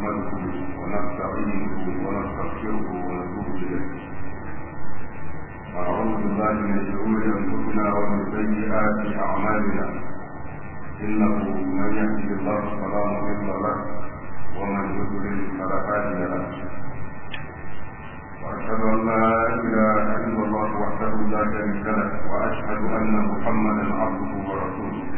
نحمده ونستعينه ونستغفره ونتوب اليه ونعوذ بالله من شرور انفسنا ومن سيئات اعمالنا انه من يهده الله فلا مضل له ومن يضلل فلا هادي له واشهد ان لا اله الا الله وحده لا شريك له واشهد ان محمدا عبده ورسوله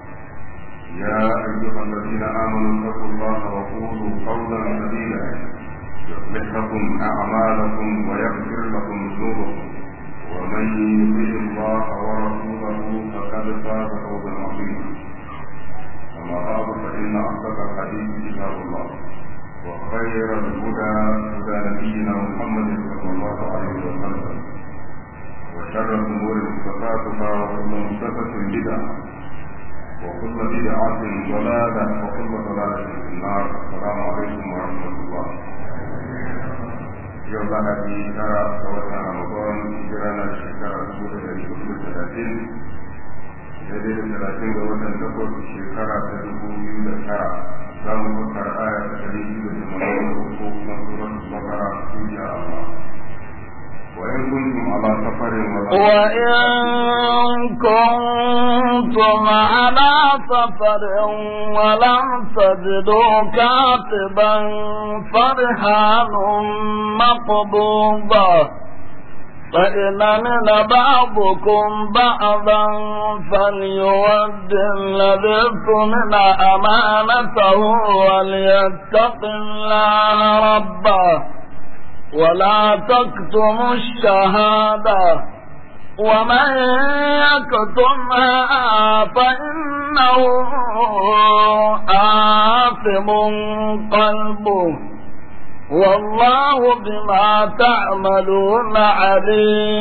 يا أيها الذين آمنوا اتقوا الله وقولوا قولا سديدا يصلح لكم أعمالكم ويغفر لكم ذنوبكم ومن يطع الله ورسوله فقد فاز فوزا عظيما أما بعد فإن أصدق الحديث كتاب الله وخير الهدى هدى نبينا محمد صلى الله عليه وسلم وشر الأمور مصطفاتها وكل محدثة بدعة وكل بدعة ضلالة وكل ضلالة في النار السلام عليكم ورحمة الله yau za a fi tara ga watan ramadan hijira na shekara dubu da dari hudu da talatin daidai da talatin ga watan takwas shekara ta dubu biyu da tara za mu aya da وإن كنتم على سفر ولم تجدوا كاتبا فرحان مقبوضة فإن من بعضكم بعضا فليود الذي اؤتمن أمانته وليتق الله ربه ولا تكتموا الشهادة ومن يكتمها فإنه آثم قلبه والله بما تعملون عليم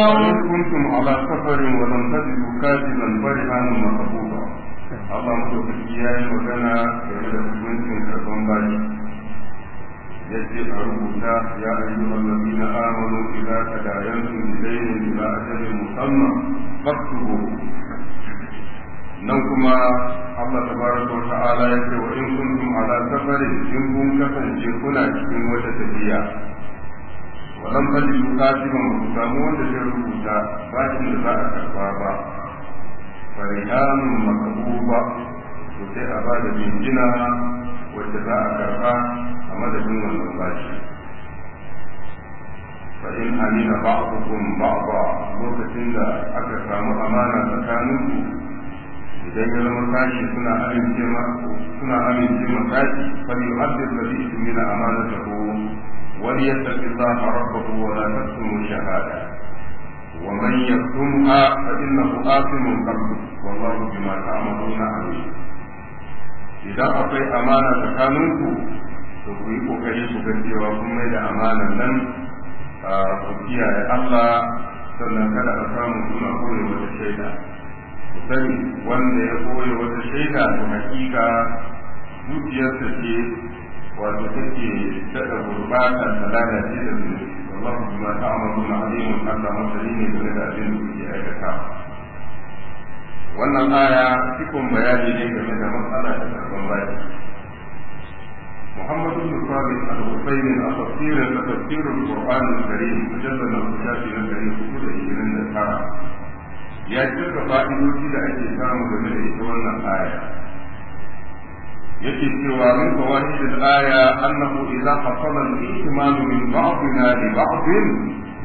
وإن كنتم على سفر ولم تجدوا كاتبا برهانا مرفوضا الله مدوكي يا مدنا يجد حكمتكم كربان يجب أن يقول يا أيها الذين آمنوا إذا تداينتم بدين إلى أجل مسمى فاكتبوه nan kuma Allah tabaraka ta'ala ya ce wa in kuntum ala safarin in kun kasance kuna cikin wata tafiya walam tajidu katiban ba ku samu wanda zai rubuta bashin da za a ba farihanun makabuba to sai a ba da jinjina za a karɓa. madadin wannan bashi fa in amina ba'dukum ba'da lokacin da aka samu amana tsakaninku idan ya zama kashi suna amince ma suna amince ma kashi fa yu'addir ladhi tumina amanatahu wa liyattaqi Allah rabbahu wa la taktumu shahada ومن يكتمها فإنه آثم قلبه والله بما تعملون عليم إذا أعطي أمانة تكاملكم ko ku yi kokari ku ga cewa kun mai da amana nan ku kiyaye Allah sannan kada a samu suna koyi wata shaida ku sani wanda ya koyi wata shaida to hakika zuciyarsa ce wato take daɗa gurɓata ta ce da zuciya wallahu bima ta'maluna alimun Allah masani ne game da abin da kuke aikatawa wannan aya cikin bayani ne game da matsala ta karban baki محمد بن ثابت الحسين التفسير تفسير القرآن الكريم مجلد الكتاب الكريم سورة إيمان الحرام يا جد فائدوتي لأجل سامو بمن إتوانا آية yake cewa min fawaid al-aya annahu idza hasala al-ihtimam min ba'dina li ba'din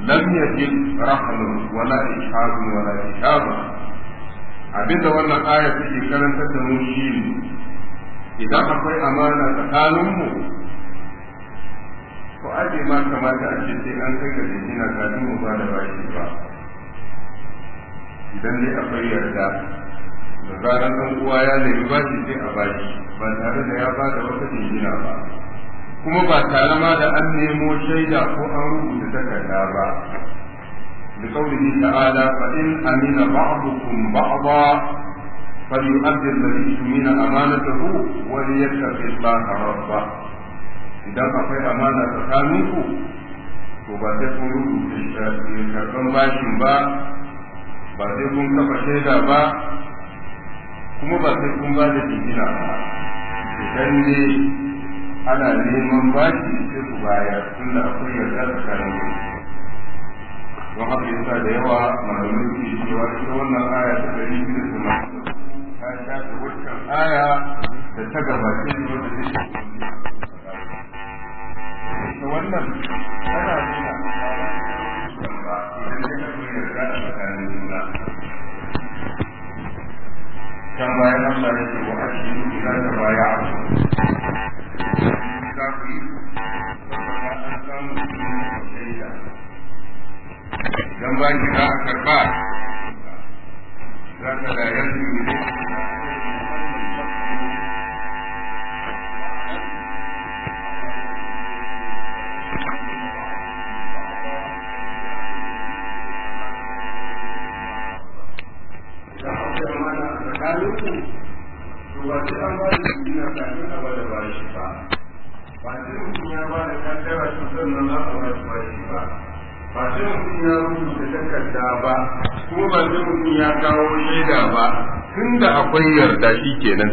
lam yajid rahman wala ishab wala ishab abinda wannan aya take karantar da mu idan akwai amana tsakaninmu ko aje ma kamata a ce sai an kai ga jina kafin mu ba da bashi ba idan dai akwai yarda da zaran ɗan uwa ya nemi bashi sai a bashi ba tare da ya ba da wata jina ba kuma ba tare ma da an nemo shaida ko an rubuta takarda ba da kaurihi ta'ala fa in amina ba'dukum ba'da فليؤدي الذي اؤتمن امانته وليتق الله ربه idan akwai amana tsakaninku to ba sai kun rubuta karɓar bashin ba ba sai kun kafa shaida ba kuma ba sai kun ba da ba idan ne ana neman bashi sai ku bayar tunda akwai yarda tsakaninku don haka yasa da yawa malamai suke cewa wannan aya ta aya da ta gabace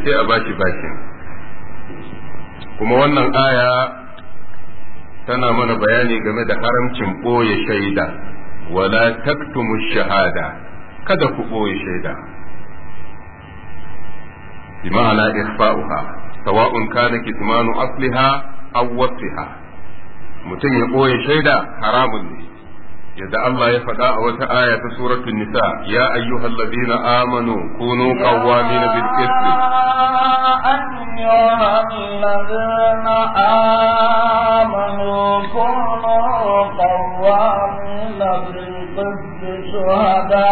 sai a bashi bashin kuma wannan aya tana mana bayani game da haramcin ɓoye shaida wala taktumu shahada kada ku ɓoye shaida bi ma'ana ikhfa'uha sawa'un kana kitmanu asliha aw wasfiha mutum ya ɓoye shaida haramun ne yadda Allah ya faɗa a wata aya ta suratul nisa ya ayyuhal ladina amanu kunu qawwamina bil qist ayyuhal ladina amanu kunu qawwamina bil qist shuhada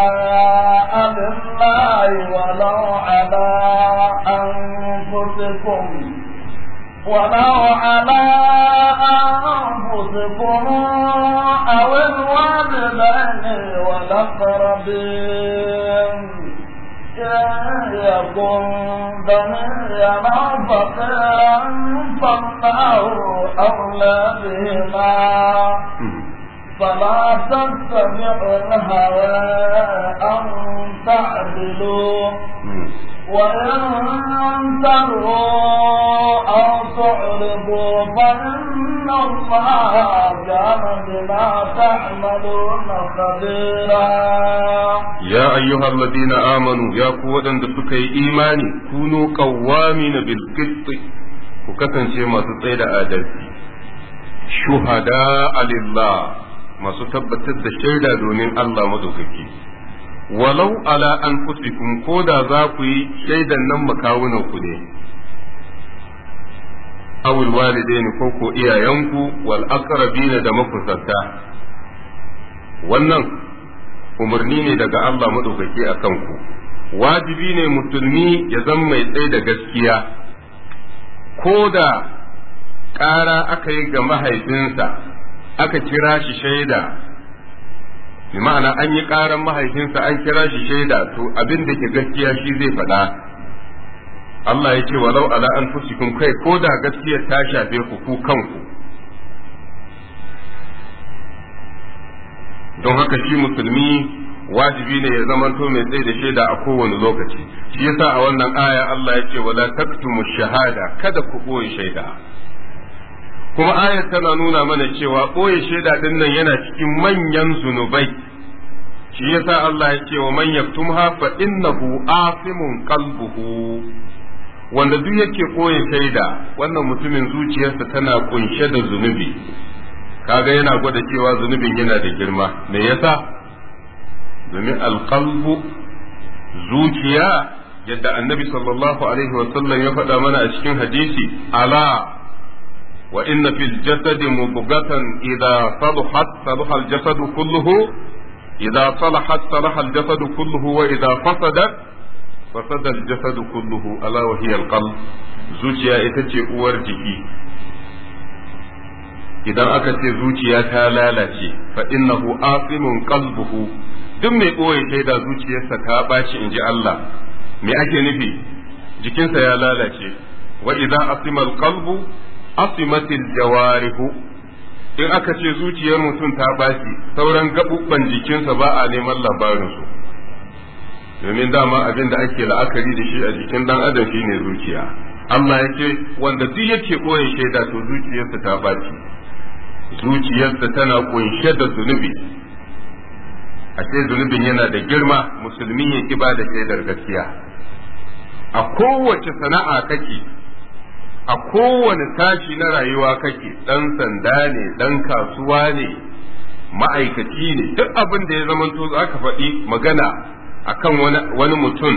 lillahi wa law ala anfusikum ولو على أنفسكم أو الوالدين والأقربين إن يكن بنيا أو فقيرا فالله أولى بهما فلا تستمعوا الهوى أن تعدلوا وإن تروا أو تعرضوا فإن الله كان بما تعملون خبيرا يا أيها الذين آمنوا يا قوة دسكي إيماني كونوا قوامين بالقسط وكتن شيء ما تطيل آدلتي شهداء لله ما ستبتد الشيدة دون الله مدوكي walau ala an fusikun ko da za ku yi shaidan nan makawunan ku ne awul walidaini ko ko iyayenku wal aqrabina da makusanta wannan umarni ne daga Allah madaukaki a ku. wajibi ne musulmi ya zama mai tsaye da gaskiya ko da ƙara aka yi ga mahaifinsa aka kira shi shaida bi ma'ana an yi karan mahaifinsa an kira shi shaida to abin da ke gaskiya shi zai faɗa Allah ya ce walau ala anfusikum kai ko da gaskiyar ta shafe ku ku kanku don haka shi musulmi wajibi ne ya zamanto mai tsaye da shaida a kowane lokaci shi yasa a wannan aya Allah ya ce wala taktumu shahada kada ku koyi shaida kuma ayar tana nuna mana cewa ɓoye shaida ɗin nan yana cikin manyan zunubai shi yasa Allah ya ce wa man yaktumha fa innahu asimun qalbuhu wanda duk yake ɓoye shaida wannan mutumin zuciyarsa tana kunshe da zunubi kaga yana gwada cewa zunubin yana da girma me yasa domin alqalbu zuciya yadda annabi sallallahu alaihi wa sallam ya faɗa mana a cikin hadisi ala wa inna fil jasadi mubghatan idza salahat salaha jasadu kulluhu idza salahat jasadu kulluhu wa idza fasadat jasadu kulluhu ala wa hiya zuciya ita ce uwar jiki idan aka ce zuciya ta lalace fa innahu asimun qalbuhu duk mai ɓoye shaida zuciyarsa ta ɓaci in ji Allah me ake nufi jikinsa ya lalace wa idan asimatil jawarihu in aka ce zuciyar mutum ta baki sauran gabubban jikinsa ba a neman labarinsu domin dama abin da ake la'akari da shi a jikin ɗan adam shine zuciya Allah ya ce wanda duk yake ɓoye shaida to zuciyarsa ta baki zuciyarsa tana kunshe da zunubi ce zunubin yana da girma musulmi ya ki ba da shaidar gaskiya a kowace sana'a kake a kowane tashi na rayuwa kake ɗan sanda ne ɗan kasuwa ne ma'aikaci ne duk abin da ya zamanto za faɗi magana akan wani mutum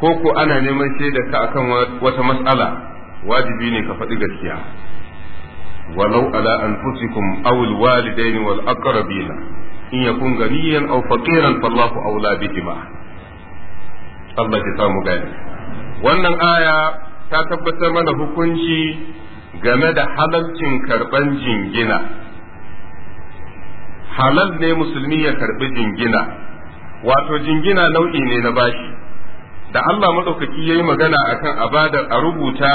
ko ko ana neman shaida ka akan wata matsala wajibi ne ka faɗi gaskiya walau ala anfusikum aw alwalidain wal aqrabina in yakun ganiyan aw faqiran fallahu awla bihima Allah ya samu gani wannan aya ta tabbatar mana hukunci game da halalcin karban jingina halal ne musulmi ya karbi jingina wato jingina nau'i ne na bashi da Allah maɗaukaki ya yi magana akan abadar a rubuta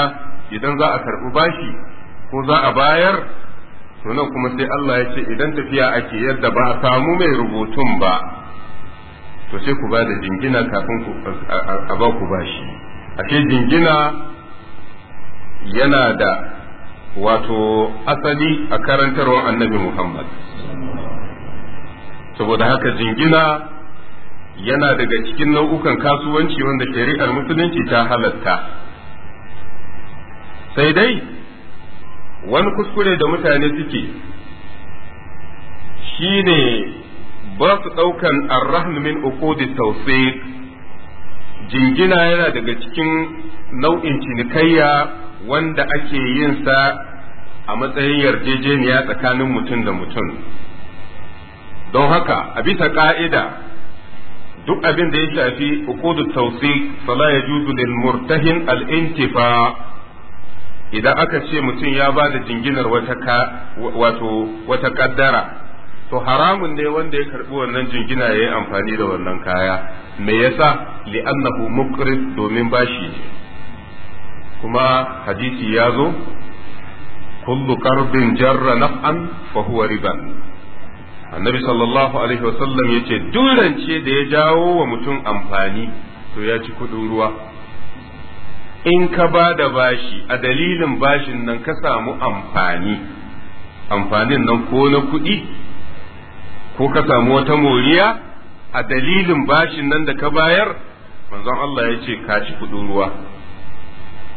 idan za a karɓi bashi ko za a bayar to nan kuma sai Allah ya ce idan tafiya ake yadda ba a samu mai rubutun ba to sai ku ba da jingina kafin a ba ku bashi ashe jingina yana da wato asali a karantarwar annabi Muhammad saboda haka jingina yana daga cikin nau'ukan kasuwanci wanda shari'ar musulunci ta halatta sai dai wani kuskure da mutane suke shine ba su ɗaukan arrahmin min uqudi tausayi. jingina yana daga cikin nau'in cinikayya wanda ake yin sa a matsayin yarjejeniya tsakanin mutum da mutum don haka a bisa ka'ida duk abin da ya shafi ukudu tausi fala ya juzu lil murtahin al intifa idan aka ce mutum ya ba da jinginar wata wato wata kaddara to haramun ne wanda ya karbi wannan jingina ya yi amfani da wannan kaya me yasa li'annahu mukrid domin bashi ne kuma hadisi ya zo kullu karbin jarra naf'an fa huwa riba. annabi sallallahu alaihi wasallam yace durance da ya jawo wa mutum amfani to ya ci kudin ruwa in ka ba da bashi a dalilin bashin nan ka samu amfani amfanin nan ko na kuɗi ko ka samu wata moriya a dalilin bashin nan da ka bayar manzon Allah ya ce ka ci kudin ruwa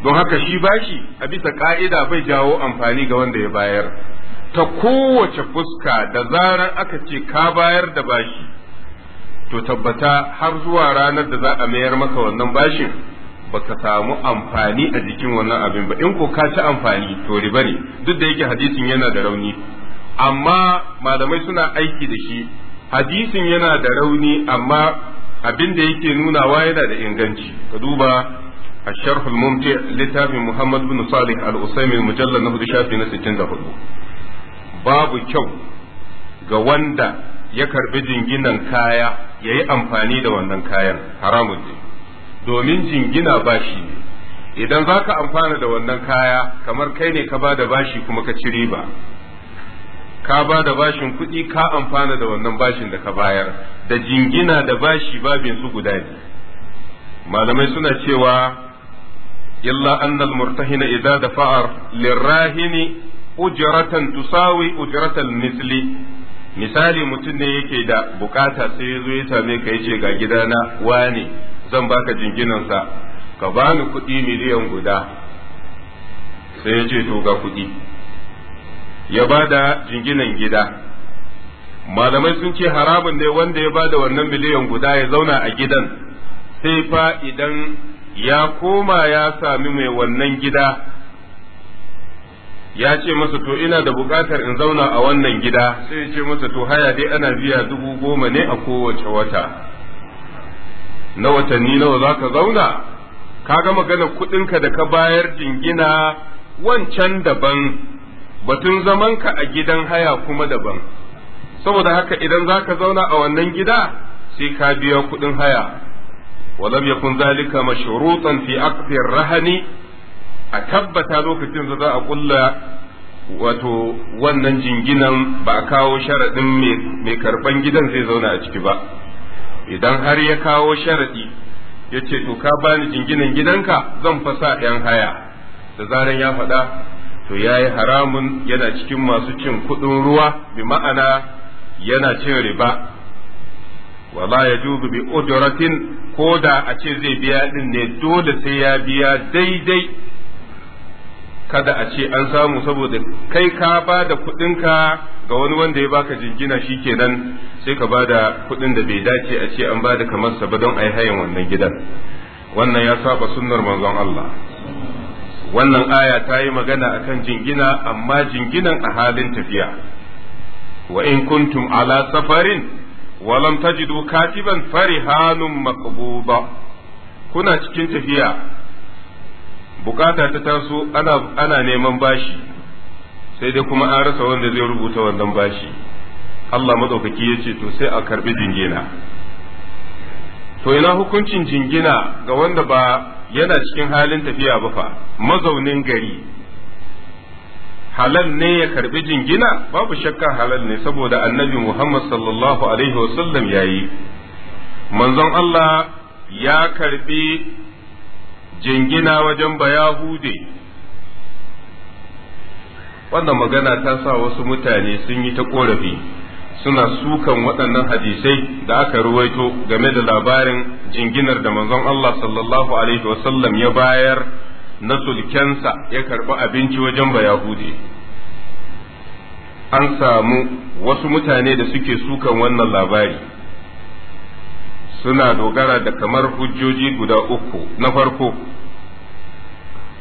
don haka shi bashi a bisa ka'ida bai jawo amfani ga wanda ya bayar ta kowace fuska da zarar aka ce ka bayar da bashi to tabbata har zuwa ranar da za a mayar maka wannan bashin baka samu amfani a jikin wannan abin ba in ko ka ci amfani to riba ne duk da yake hadisin yana da rauni amma malamai suna aiki da shi hadisin yana da rauni amma abin da yake nunawa yana da inganci ka duba الشرح الممتع لتاب محمد بن صالح الأسيمي المجلد نهد شافي نسجن دهلو باب كو غواندا يكر بجنجنا كايا يأي أمفاني دوانا كايا حرام دي دومين جنجنا باشي idan za ka amfana da wannan kaya kamar kai ne ka ba da bashi kuma ka ci riba ka ba da bashin kuɗi ka amfana da wannan bashin da ka bayar da jingina da bashi babin su guda biyu. malamai suna cewa illa anna al-murtahina idza dafa'a lirrahini ujratan tusawi ujratal misli misali mutum ne yake da bukata sai ya zo ya same ka yace ga gidana wani zan baka jinginansa ka bani kuɗi miliyan guda sai ya ce to ga kuɗi ya bada jinginan gida malamai sun ce haramun ne wanda ya bada wannan miliyan guda ya zauna a gidan sai fa idan ya koma ya sami mai wannan gida ya ce masa to ina da bukatar in zauna a wannan gida sai ce masa to haya dai ana biya dubu goma ne a kowace wata na watanni nawa za ka zauna ka ga magana kudinka da ka bayar jingina wancan daban batun zamanka a gidan haya kuma daban saboda haka idan za ka zauna a wannan gida sai ka biya kudin haya ولم يكن ذلك مشروطا في عقد الرهن أكبت لوكتين za a kulla wato wannan jinginan ba a kawo sharaɗin mai karɓan gidan zai zauna a ciki ba idan har ya kawo sharaɗi ya ce to ka bani jinginan gidanka zan fasa ‘yan haya da zaran ya faɗa to ya yi haramun yana cikin masu cin kuɗin ruwa bi ma'ana yana cin riba wala ya bi ujratin ko da a ce zai biya din ne dole sai ya biya daidai kada a ce an samu saboda kai ka ba da kuɗinka ga wani wanda ya baka jingina shi kenan sai ka ba da kuɗin da bai dace a ce an ba da kamar sa ba don a yi hayan wannan gidan wannan ya saba sunnar manzon Allah wannan aya ta yi magana akan jingina amma jinginan a halin tafiya wa in kuntum ala safarin walam tajidu katiban farihanun maqbuba kuna cikin tafiya bukata ta taso ana ana neman bashi sai dai kuma an rasa wanda zai rubuta wannan bashi Allah madaukaki yace to sai a karbi jingina to ina hukuncin jingina ga wanda ba yana cikin halin tafiya ba fa mazaunin gari halal ne ya karbi jingina babu shakka halal ne saboda annabi Muhammad sallallahu alaihi wasallam ya yi manzon Allah ya karbi jingina wajen bayahude wannan magana ta sa wasu mutane sun yi ta korafi suna sukan waɗannan hadisai da aka ruwaito game da labarin jinginar da manzon Allah sallallahu alaihi wasallam ya bayar na sulkensa ya karɓi abinci wajen hude. an samu wasu mutane da suke sukan wannan labari suna dogara da kamar hujjoji guda uku na farko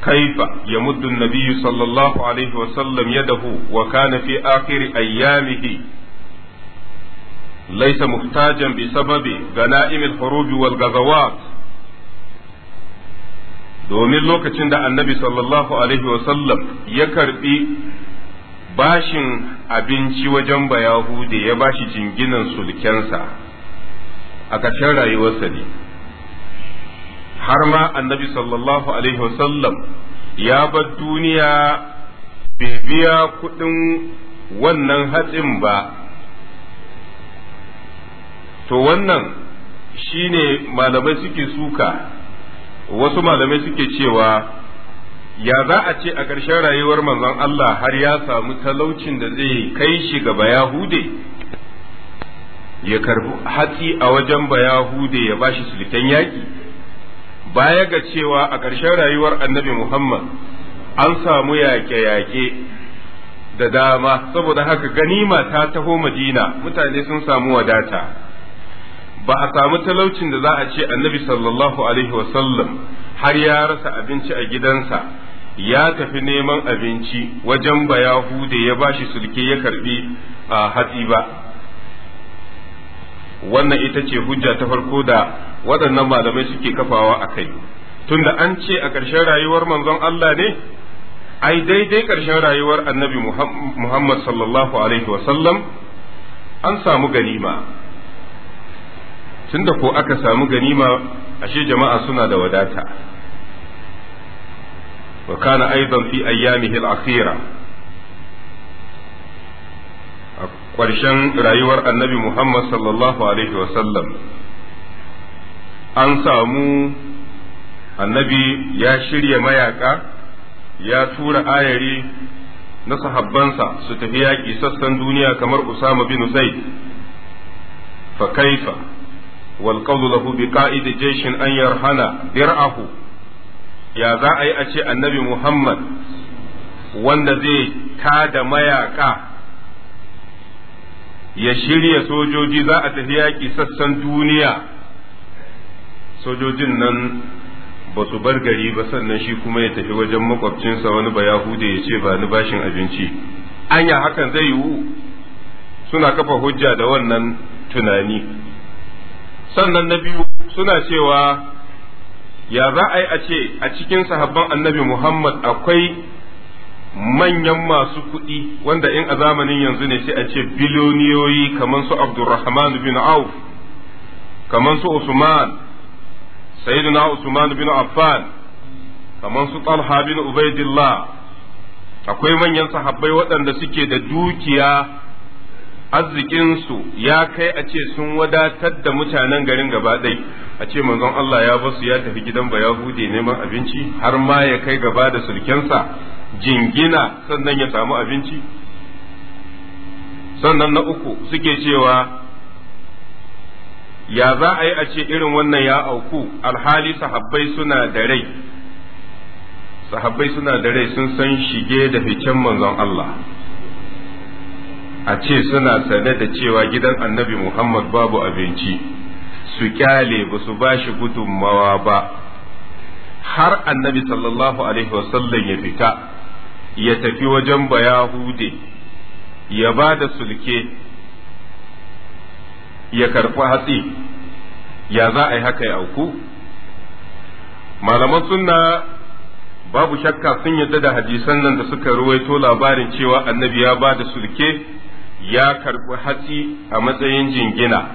kaifa ya muddun Nabiyu sallallahu alaihi wasallam yadahu wa kana fi akhiri ayyamihi Laisa muhtajan bi sababi ganaimil khuruj wal domin lokacin da annabi sallallahu alaihi sallam ya karbi bashin abinci wajen bayahude ya bashi jinginan sulkensa a ƙarshen rayuwarsa ne har ma annabi sallallahu alaihi sallam ya bar duniya bai biya kuɗin wannan hatsin ba to wannan shine malamai suke suka wasu malamai suke cewa ya za a ce a ƙarshen rayuwar manzon Allah har ya samu talaucin da zai kai shi ga bayahude ya karbi hatsi a wajen bayahude ya bashi sulken yaƙi baya ga cewa a ƙarshen rayuwar annabi Muhammad an samu yaƙe-yaƙe da dama saboda haka ganima ta taho madina mutane sun samu wadata ba a samu talaucin da za a ce annabi sallallahu alaihi wasallam har ya rasa abinci a gidansa ya tafi neman abinci wajen bayahude ya bashi sulke ya karbi a hatsi ba wannan ita ce hujja ta farko da waɗannan malamai suke kafawa a kai tunda an ce a ƙarshen rayuwar manzon Allah ne ai daidai ƙarshen rayuwar annabi Muhammad sallallahu alaihi wasallam an samu ganima tunda ko aka samu ganima ashe jama'a suna da wadata wa kana aidan fi ayyamihi al-akhira a ƙarshen rayuwar annabi Muhammad sallallahu alaihi sallam an samu annabi ya shirya mayaka ya tura ayari na sahabbansa su tafi yaƙi sassan duniya kamar Usama bin Zaid fa kaifa والقول له بقائد جيش أن jayshin درعه يا ذا ya za a yi a ce annabi Muhammad wanda zai tada mayaƙa ya shirya sojoji za a tafi yaƙi sassan duniya sojojin nan ba bar gari ba sannan shi kuma ya tafi wajen makwabcinsa wani ba yahude ya ce ba ni bashin abinci anya hakan zai yiwu suna kafa hujja da wannan tunani sannan na biyu suna cewa ya za a yi a ce a cikin sahabban annabi Muhammad akwai manyan masu kuɗi wanda in a zamanin yanzu ne sai a ce biloniyoyi kamar su Abdulrahman bin Auf kamar su Usman Sayyidina Usman bin Affan kamar su Talha bin Ubaidillah akwai manyan sahabbai waɗanda suke da dukiya arzikinsu ya kai a ce sun wadatar da mutanen garin gaba ɗai a ce manzon Allah ya basu ya tafi gidan ba Yahudi neman abinci har ma ya kai gaba da sulkensa jingina sannan ya samu abinci sannan na uku suke cewa ya za a yi a ce irin wannan ya auku alhali sahabbai suna da rai sahabbai suna da rai sun san shige da ficen manzon Allah a ce suna sane da cewa gidan annabi Muhammad babu abinci su kyale ba su ba shi gudunmawa ba har annabi sallallahu alaihi wasallam ya fita ya tafi wajen bayahude ya ba da sulke ya karfi hatsi ya za a yi haka ya auku malaman sunna babu shakka sun yadda da hadisan nan da suka ruwaito labarin cewa annabi ya ba da sulke ya karɓi hatsi a matsayin jingina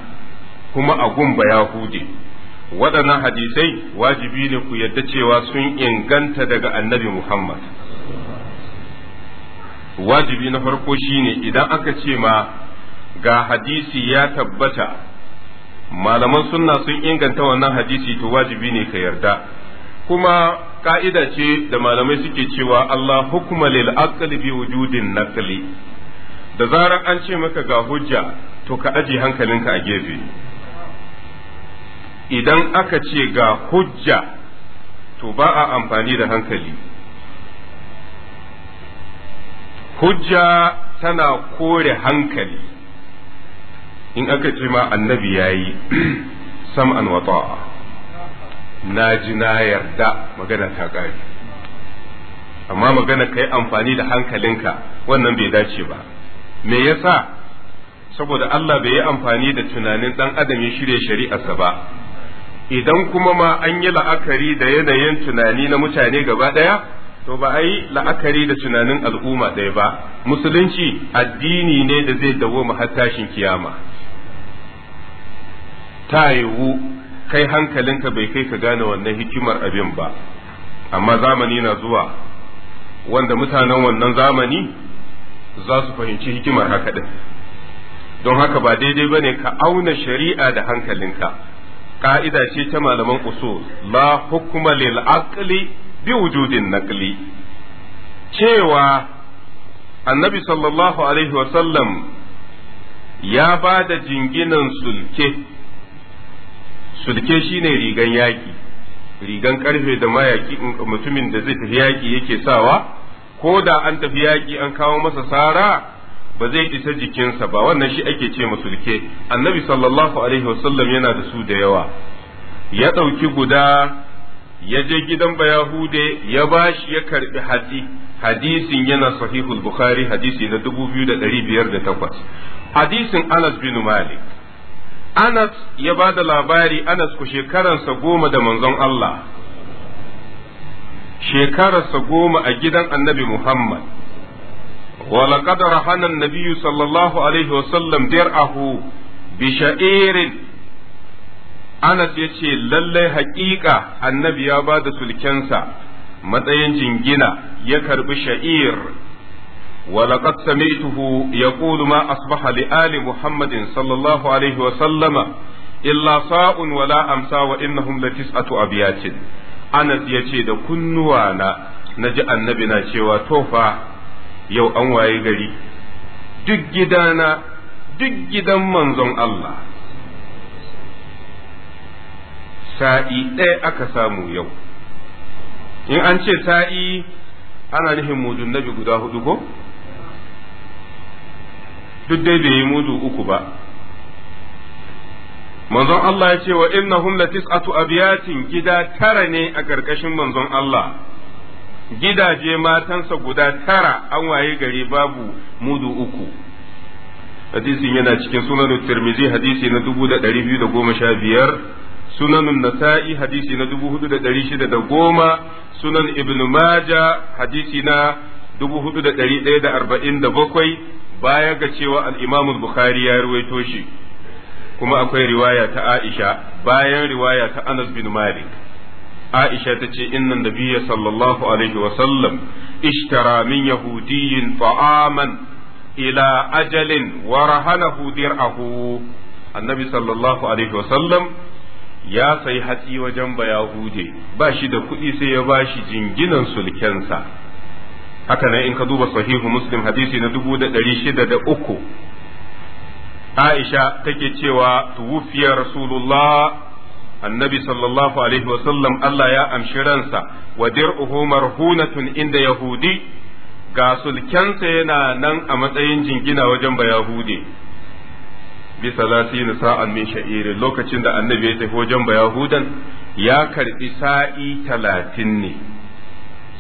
kuma a gumba ya hude waɗannan hadisai wajibi ne ku yadda cewa sun inganta daga annabi muhammad wajibi na farko shine idan aka ce ma ga hadisi ya tabbata malaman sunna sun inganta wannan hadisi to wajibi ne ka yarda kuma ka'ida ce da malamai suke cewa Allah hukuma lil aqli bi wujudin naqli da zarar an ce maka ga hujja to ka aje hankalinka a gefe idan aka ce ga hujja to ba a amfani da hankali hujja tana kore hankali in aka ce ma annabi ya yi sam'an wata'a na ji na yarda magana ta amma magana ka yi amfani da hankalinka wannan bai dace ba me yasa saboda Allah bai yi amfani da tunanin dan adam ya shirya shari'arsa ba idan kuma ma an yi la'akari da yanayin tunani na mutane gaba ɗaya to ba a yi la'akari da tunanin al'umma ɗaya ba musulunci addini ne da zai dawo har tashin kiyama ta yiwu kai hankalinka bai kai ka gane wannan hikimar abin ba amma zamani na zuwa wanda mutanen wannan zamani za su fahimci hikimar haka din don haka ba daidai ba ne ka auna shari'a da hankalinka ka'ida ce ta malaman usul la hukuma lil aqli bi wujudin naqli cewa annabi sallallahu alaihi wa sallam ya ba da jinginan sulke sulke shine rigan yaƙi rigan ƙarfe da mayaki mutumin da zai tafi yaƙi yake sawa ko da an tafi yaƙi an kawo masa sara ba zai isa jikinsa ba wannan shi ake ce masulke annabi sallallahu alaihi wasallam yana da su da yawa ya ɗauki guda ya je gidan bayahude ya ba shi ya karɓi hadi hadisin yana sahihul bukhari hadisi na 2508 hadisin anas bin malik anas ya ba da labari anas ku shekaransa goma da manzon allah shekararsa goma a gidan annabi Muhammad. Wala ƙadar hannun nabiyu sallallahu Alaihi wasallam biyar ahu bisha irin, Anas ya ce lallai haƙiƙa annabi ya ba da sulkensa matsayin jingina ya karbi sha'ir. Wala ƙad sami'tuhu ya ƙulu ma asbaha li Ali Muhammadin sallallahu Alaihi wasallama illa sa'un wala amsa wa innahum latis'atu abiyatin. anas ya ce da kunnuwa na na ji annabi na cewa tofa yau an waye gari duk gidana duk gidan manzon Allah sa'i ɗaya aka samu yau in an ce sa'i ana nufin mudun nabi guda hudu ko duk dai bai yi mudu uku ba manzon Allah ya ce wa innahum la tis'atu abiyatin gida tara ne a ƙarƙashin manzon Allah gidaje matansa guda tara an waye gari babu mudu uku hadisin yana cikin sunan tirmizi hadisi na 2215 sunan nasa'i hadisi na 4610 sunan ibn maja hadisi na 4147 baya ga cewa al-imam bukhari ya ruwaito shi kuma akwai riwaya ta Aisha bayan riwaya ta Anas bin Malik Aisha ta ce inna nabiyya sallallahu alaihi wa sallam ishtara min yahudiyyin ta'aman ila ajalin wa rahanahu dir'ahu annabi sallallahu alaihi wa sallam ya sai hatsi wajen bayahude ba shi da kuɗi sai ya ba shi jinginan sulkensa haka nan in ka duba sahihu muslim hadisi na dubu da ɗari shida da uku aisha take cewa tuwufiya rasulullah annabi sallallahu alaihi wasallam Allah ya amshi ransa wa dir'uhu marhunatun inda yahudi ga sulkensa yana nan a matsayin jingina wajen ba yahudi Bisa salatin sa'an min sha'irin lokacin da annabi ya tafi wajen ba yahudan ya karɓi sa'i talatin ne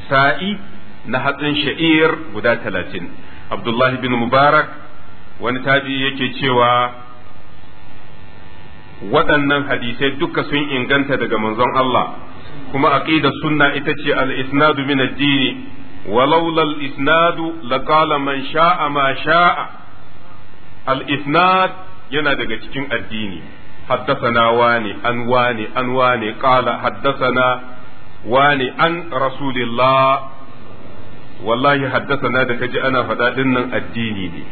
sa'i na hatsin sha'ir guda talatin abdullahi bin mubarak wani tabi yake cewa waɗannan hadisai duka sun inganta daga manzon Allah kuma aqida sunna ita ce al-isnadu min ad-dini walaula al-isnadu laqala man sha'a ma sha'a al-isnad yana daga cikin addini حدثنا واني عن واني عن واني قال حدثنا wani an rasulillah الله والله حدثنا da kaji ana faɗa dinnan addini ne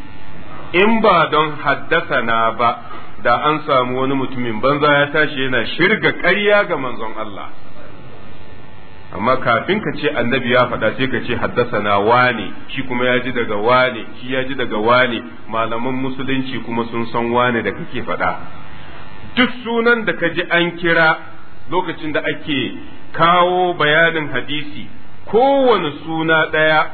in ba don haddasa na ba da an samu wani mutumin banza ya tashi yana shirga ƙarya ga manzon Allah amma kafin ka ce annabi ya faɗa sai ka ce na wane shi kuma ya ji daga wane shi ya ji daga wane malaman musulunci kuma sun san wane da kake faɗa duk sunan da ka ji an kira lokacin da ake kawo bayanin hadisi kowane suna ɗaya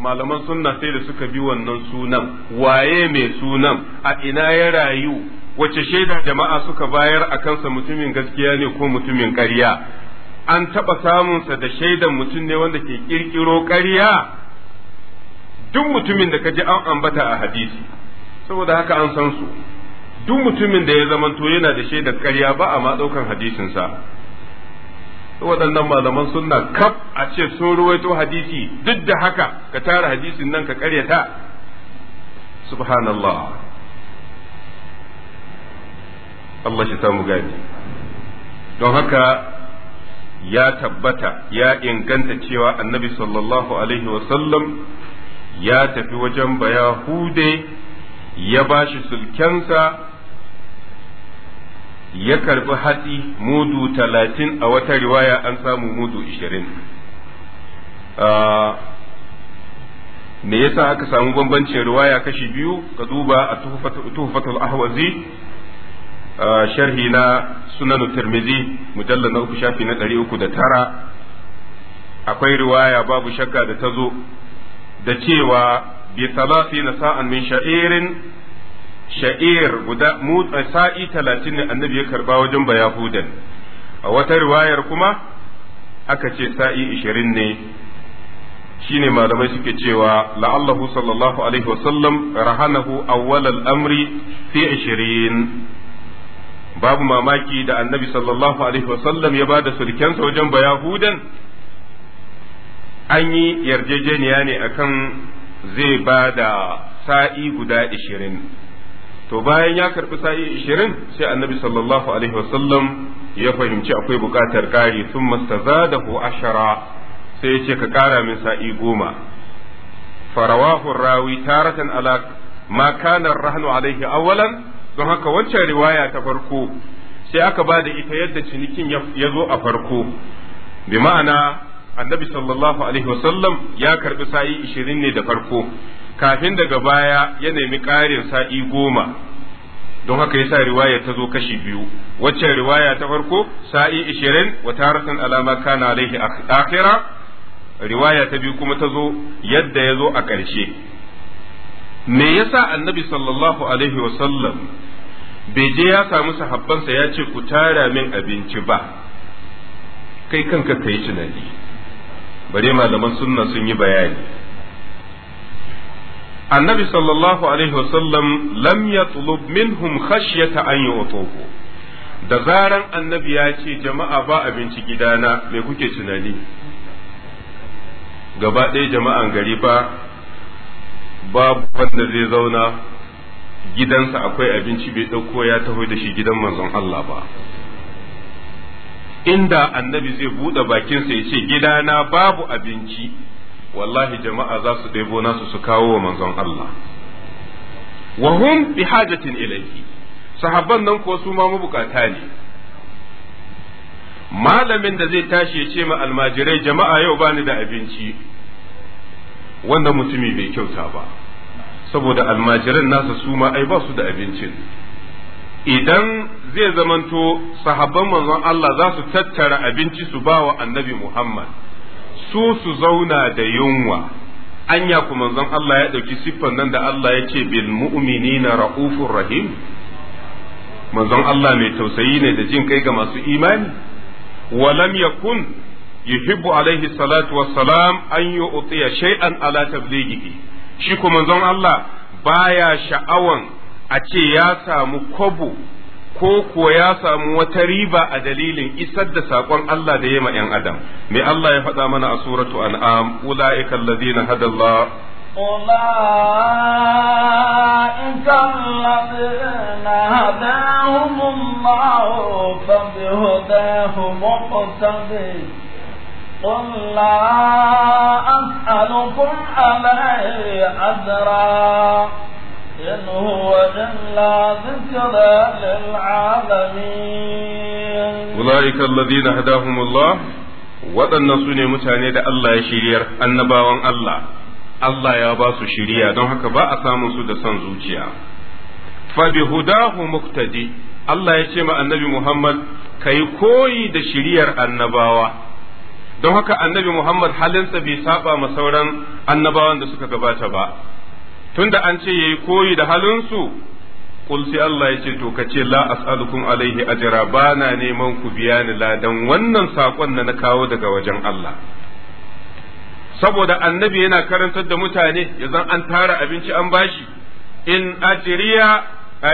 malaman sunna sai da suka bi wannan sunan waye mai sunan a ina ya rayu wace shaida jama'a suka bayar a kansa mutumin gaskiya ne ko mutumin ƙarya an taɓa samunsa da shaidan mutum ne wanda ke ƙirƙiro ƙarya duk mutumin da ka ji an ambata a hadisi saboda haka an san su duk mutumin da ya zamanto yana da shaidar ƙarya ba a ma ɗaukan hadisinsa waɗannan malaman sunna kaf a ce sun ruwaito hadisi duk da haka ka tara hadisin nan ka karyata subhanallah Allah shi samu gani don haka ya tabbata ya inganta cewa annabi sallallahu alaihi wasallam ya tafi wajen bayahude ya bashi sulkensa ya karbi hatsi mudu talatin a wata riwaya an samu mudu ishirin ah, me yasa aka samu bambancin riwaya kashi biyu ka duba a tuhufatul ahwazi ah, sharhi na sunanu tirmidhi mujallar na uku shafi na ɗari uku da tara akwai riwaya babu shakka da ta zo da cewa bi na sa'an min sha'irin sha'ir guda mutsa eh, sa'i talatin ne annabi ya karba wajen bayahudan a wata riwayar kuma aka ce sa'i ishirin ne Shi ne malamai suke cewa la'allahu sallallahu alaihi wasallam rahanahu awwal al-amri fi ishirin babu mamaki da annabi sallallahu alaihi wasallam ya bada sulkensa wajen bayahudan an yi yarjejeniya ne akan zai ba da sa'i guda ishirin to bayan ya karɓi sa'i ishirin sai annabi sallallahu alaihi wasallam ya fahimci akwai buƙatar ƙari sun ku ashara sai ya ce ka ƙara min sa'i goma Farawahun rawi taratan ala ma kana rahnu alaihi awwalan don haka wancan riwaya ta farko sai aka ba da ita yadda cinikin ya zo a farko bi ma'ana annabi sallallahu alaihi wasallam ya karɓi sa'i ishirin ne da farko kafin daga baya ya nemi ƙarin sa'i goma don haka ya sa riwaya ta zo kashi biyu waccan riwaya ta farko sa'i ishirin wa taratan alama kana alaihi akhira riwaya ta biyu kuma ta zo yadda ya zo a ƙarshe me yasa annabi sallallahu alaihi wa sallam bai je ya samu sahabbansa ya ce ku tara min abinci ba kai kanka kai tunani bare malaman sunna sun yi bayani annabi sallallahu alaihi wasallam lam yatlub minhum khashyata an yu'tuhu da zaran annabi ya ce jama'a ba abinci gidana me kuke tunani gaba ɗaya jama'an gari ba babu wanda zai zauna gidansa akwai abinci bai ɗauko ya taho da shi gidan manzon Allah ba inda annabi zai buɗe bakinsa ya ce gidana babu abinci wallahi jama'a za su ɗebo nasu su kawo wa manzon Allah wa hum bi hajatin ilayhi sahabban nan ko su ma mabukata ne malamin da zai tashi ya ce ma almajirai jama'a yau ba ni da abinci wanda mutumi bai kyauta ba saboda almajiran nasa su ma ai ba su da abincin idan zai zamanto sahabban manzon Allah za su tattara abinci su ba wa annabi Muhammad su su zauna da yunwa anya ku manzon Allah ya ɗauki siffan nan da Allah ya ce bil na ra'ufur rahim manzon Allah mai tausayi ne da jin kai ga masu imani walam yakun yuhibbu alaihi salatu wassalam an utiya shay'an ala tablighihi shi ku manzon Allah baya sha'awan a ce ya samu kobo ko kuwa ya samu wata riba a dalilin isar da saƙon Allah da ya ma 'yan adam me Allah ya faɗa mana a suratu an'am ulaika alladhina hadallah أولئك الذين هداهم الله فبهداه مقتدي قل لا أسألكم عليه أجرا إن هو إلا ذكرى للعالمين أولئك الذين هداهم الله waɗannan su ne mutane da Allah ya shiryar annabawan Allah Allah ya ba su shiriya don haka ba a samun su da son zuciya fa bi hudahu muqtadi Allah ya ce ma annabi Muhammad kai koyi da shiriyar annabawa don haka annabi Muhammad halinsa bai saba ma sauran annabawan da suka gabata ba tunda an ce yayi koyi da halinsu kul sai Allah ya ce to kace ce la as'alukum alaihi ajra bana neman ku biya ni ladan wannan sakon na na kawo daga wajen Allah saboda annabi yana karantar da mutane yanzu an tara abinci an bashi in ajriya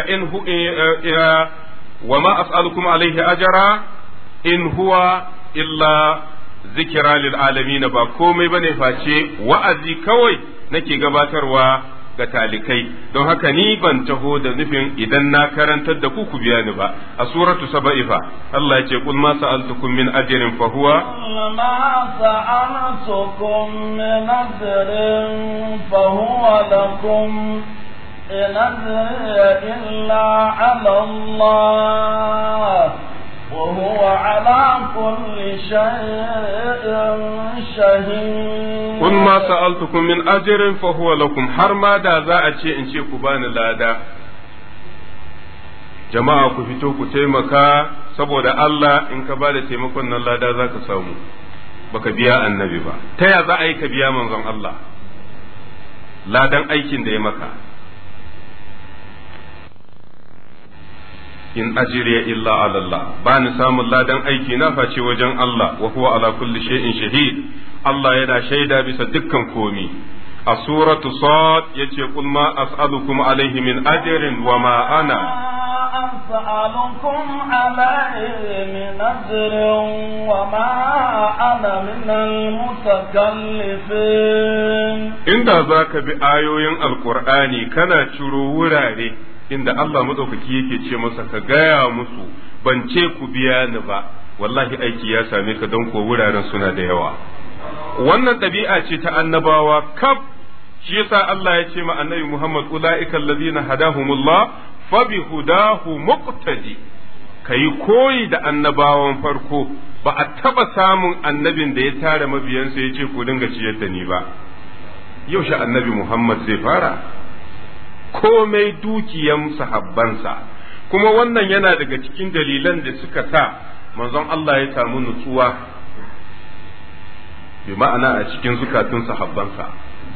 in hu eh, eh, eh, wa ma as'alukum alaihi ajra in huwa illa zikra lil alamin ba komai bane face wa'azi kawai nake gabatarwa ga talikai don haka ni ban taho da nufin idan na karantar da ku ku biya ni ba a suratu saba'i fa Allah ya ce kul ma sa'altukum min ajrin fa huwa ma sa'altukum min ajrin fa huwa lakum in illa ala Allah Kun على كل شيء شهيد قل ما سألتكم من أجر فهو لكم حرما دا ذا أشي إن jama'a ku fito ku taimaka saboda Allah in ka ba taimakon nan lada za ka samu baka biya annabi ba ta ya za a yi ka biya manzon Allah ladan aikin da ya maka in ajiriya illa ala Bani ba ni samun ladan aiki na face wajen Allah wa huwa ala kulli shay'in shahid Allah yana shaida bisa dukkan komi a suratu sad yace qul ma as'alukum alayhi min ajrin wa ma ana أسألكم عليه من أجر وما أنا من المتكلفين إن ذاك بآيوين القرآن كان شروع inda Allah madaukaki yake ce masa ka gaya musu ban ce ku biya ni ba wallahi aiki ya same ka don ko wuraren suna da yawa wannan ɗabi'a ce ta annabawa kaf shi yasa Allah ya ce ma annabi Muhammad ulaika allazina hadahumullah fa bi hudahu muqtadi kayi koyi da annabawan farko ba a taba samun annabin da ya tara mabiyansa ya ce ku dinga ciyar da ni ba yaushe annabi Muhammad zai fara komai dukiyan sahabbansa kuma wannan yana daga cikin dalilan da suka sa manzon Allah ya samu nutsuwa bi ma'ana a cikin zukatun sahabbansa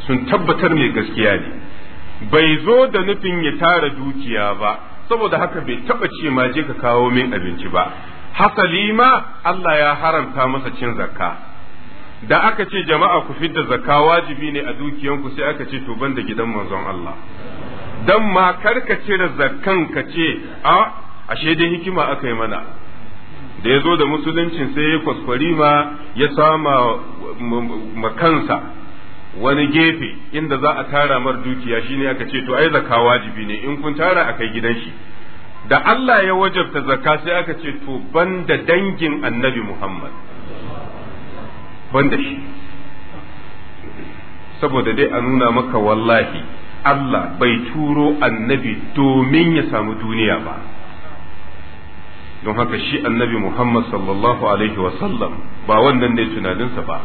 sun tabbatar mai gaskiya ne bai zo da nufin ya tara dukiya ba saboda haka bai taba ce ma je ka kawo min abinci ba hasali ma Allah ya haramta masa cin zakka da aka ce jama'a ku fidda zakka wajibi ne a dukiyanku sai aka ce to banda gidan manzon Allah dan ma karka cire zakkan ka ce a ashe dai hikima aka yi mana da ya zo da musuluncin sai ya kwaskwari ma ya sama makansa wani gefe inda za a tara mar dukiya shine aka ce to ai zakka wajibi ne in kun tara a kai gidan shi da Allah ya wajabta zakka sai aka ce to banda dangin annabi Muhammad banda shi saboda dai a nuna maka wallahi Allah bai turo annabi domin ya samu duniya ba don haka shi annabi Muhammad sallallahu alaihi sallam ba wannan ne tunaninsa ba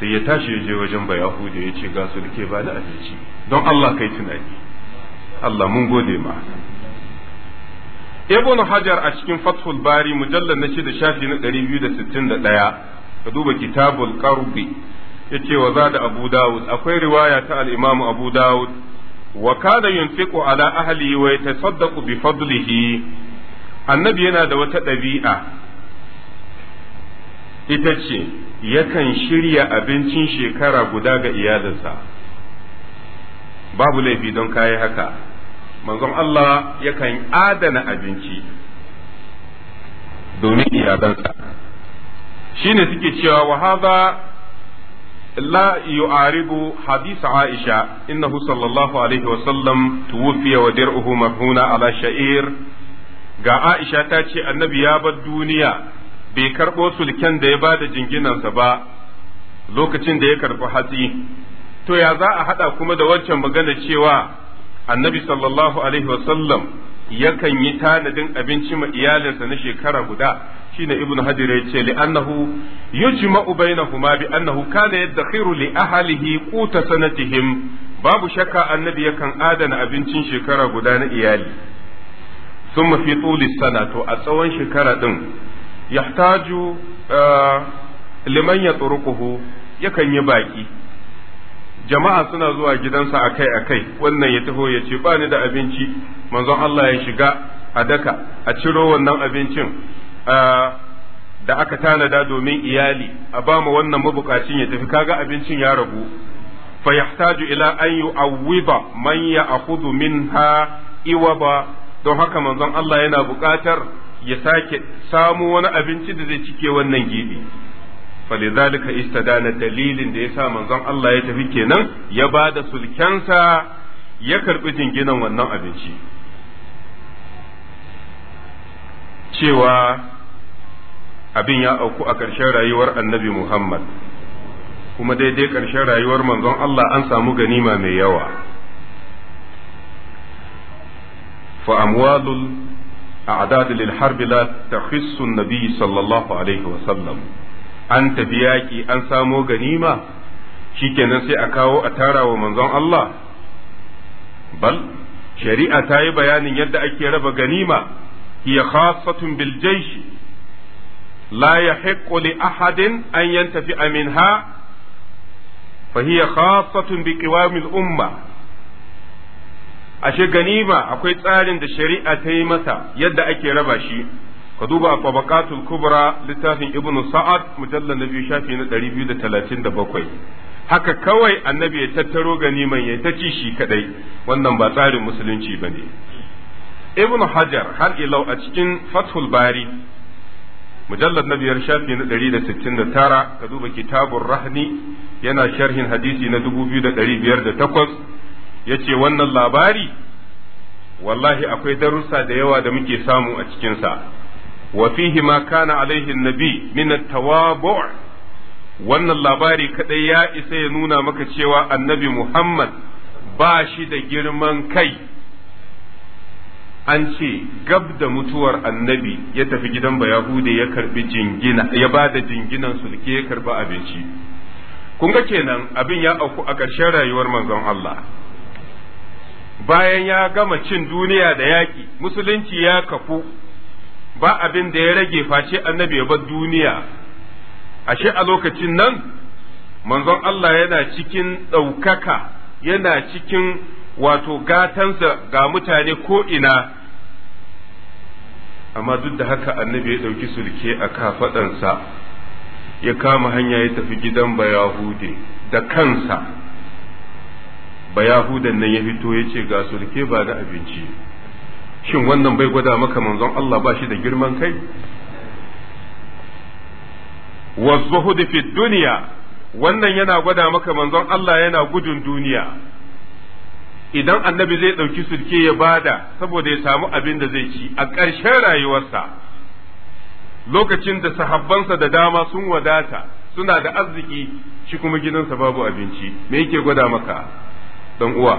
sai ya tashi ya je wajen ba Yahuda ya ce ga sulke ba da abinci don Allah kai tunani Allah mun gode ma Ibn Hajar a cikin Fathul Bari mujallar na shida shafi na 261 ka duba kitabul Qarbi yace wa zada abu dawud akwai riwaya ta al-imam abu dawud wa kada yunfiqu ala ahli wa yatasaddaqu bi fadlihi annabi yana da wata ɗabi'a ita ce yakan shirya abincin shekara guda ga iyalinsa babu laifi don kayi haka manzon Allah yakan adana abinci domin iyalansa shine suke cewa wa hadha لا يعارض حديث عائشة إنه صلى الله عليه وسلم توفي ودرعه مبهون على شعير ga Aisha ta ce annabi ya bar duniya bai karɓo sulken da ya ba da jinginansa ba lokacin da ya karɓi hatsi to ya za a haɗa kuma da wancan magana cewa annabi sallallahu alaihi wasallam yakan yi tanadin abinci ma iyalinsa na shekara guda shine ibnu hajar yace li annahu yujma'u bainahuma bi annahu kana yadkhiru li ahlihi quta sanatihim babu shakka annabi yakan adana abincin shekara guda na iyali thumma fi tuli sana to a tsawon shekara din yahtaju eh, liman yatruquhu yakan yi baki jama'a suna zuwa gidansa akai akai wannan ya taho ya ba ni da abinci manzon Allah ya shiga a daka a ciro wannan abincin da aka tanada domin iyali a ba mu wannan mabukacin ya tafi kaga abincin ya ragu fa yahtaju ila an yu'awwiba man ya'khudhu minha iwaba don haka manzon Allah yana bukatar ya sake samu wani abinci da zai cike wannan gibi falidhalika istadana dalilin da yasa manzon Allah ya tafi kenan ya bada sulkensa ya karbi jinginan wannan abinci cewa abin ya auku a ƙarshen rayuwar annabi Muhammad kuma daidai ƙarshen rayuwar manzon Allah an samu ganima mai yawa fa amwalul a'dad lil harb la takhissu an-nabi sallallahu alaihi wa sallam an tafi yaƙi an samo ganima shikenan sai a kawo a tara wa manzon Allah bal shari'a ta yi bayanin yadda ake raba ganima hiya khassatun bil لا يحق لأحد أن ينتفع منها فهي خاصة بقوام الأمة ashe ganima akwai tsarin da shari'a ta yi masa yadda ake raba shi ka duba a tabaqatul kubra littafin ibn sa'ad mujallal na biyu shafi na 237 haka kawai annabi ya tattaro ganiman ya ta ci shi kadai wannan ba tsarin musulunci bane ibn hajar har ilau a cikin fathul bari mujallar na biyar shafi na ɗari da sittin da tara ka duba kitabun rahni yana sharhin hadisi na dubu biyu da ɗari biyar da takwas ya ce wannan labari wallahi akwai darussa da yawa da muke samu a cikinsa wa fihi ma kana alaihi nabi min tawabu wannan labari kaɗai ya isa ya nuna maka cewa annabi muhammad ba shi da girman kai an ce gab da mutuwar annabi ya tafi gidan bayahude ya karbi jingina ya ba da jinginan sulke ya karbi abinci kun ga kenan abin ya auku a ƙarshen rayuwar manzon Allah bayan ya gama cin duniya da yaƙi musulunci ya kafu ba abin da ya rage face annabi ya bar duniya ashe a lokacin nan manzon Allah yana cikin ɗaukaka yana cikin wato gatansa ga mutane ko ina amma duk da haka annabi ya ɗauki sulke a kafaɗansa ya kama hanya ya tafi gidan bayahude da kansa bayahudan nan ya fito ya ce ga sulke ba da abinci shin wannan bai gwada maka manzon Allah ba shi da girman kai wasu fi duniya wannan yana gwada maka manzon Allah yana gudun duniya idan annabi zai ɗauki sulke ya bada saboda ya samu abin da zai ci a ƙarshen rayuwarsa lokacin da sahabbansa da dama sun wadata suna da arziki shi kuma gidansa babu abinci me yake gwada maka dan uwa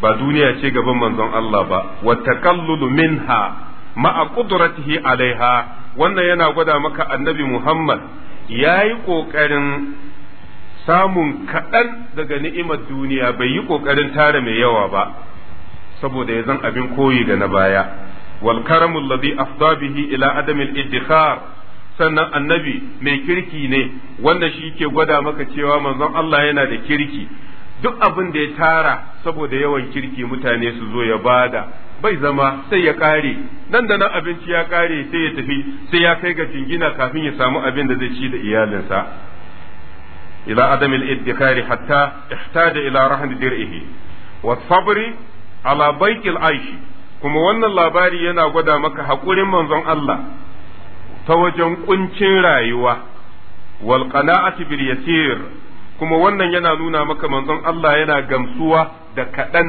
ba duniya ce gaban manzon Allah ba wa taqallulu minha ma'a qudratihi alaiha wannan yana gwada maka annabi Muhammad yayi kokarin samun kaɗan daga ni'imar duniya bai yi ƙoƙarin tara mai yawa ba saboda ya zan abin koyi da na baya wal karamul ladhi afda bihi ila adamil al iddikhar sannan annabi mai kirki ne wanda shi ke gwada maka cewa manzon Allah yana da kirki duk abin da ya tara saboda yawan kirki mutane su zo ya bada bai zama sai ya kare nan da nan abinci ya kare sai ya tafi sai ya kai ga jingina kafin ya samu abin da zai ci da iyalinsa ila adamil iddikari hatta ihtaja ila rahmi dir'ihi wa sabri ala baiqil aishi kuma wannan labari yana gwada maka haƙurin manzon Allah ta wajen kuncin rayuwa wal qana'ati bil yasir kuma wannan yana nuna maka manzon Allah yana gamsuwa da kaɗan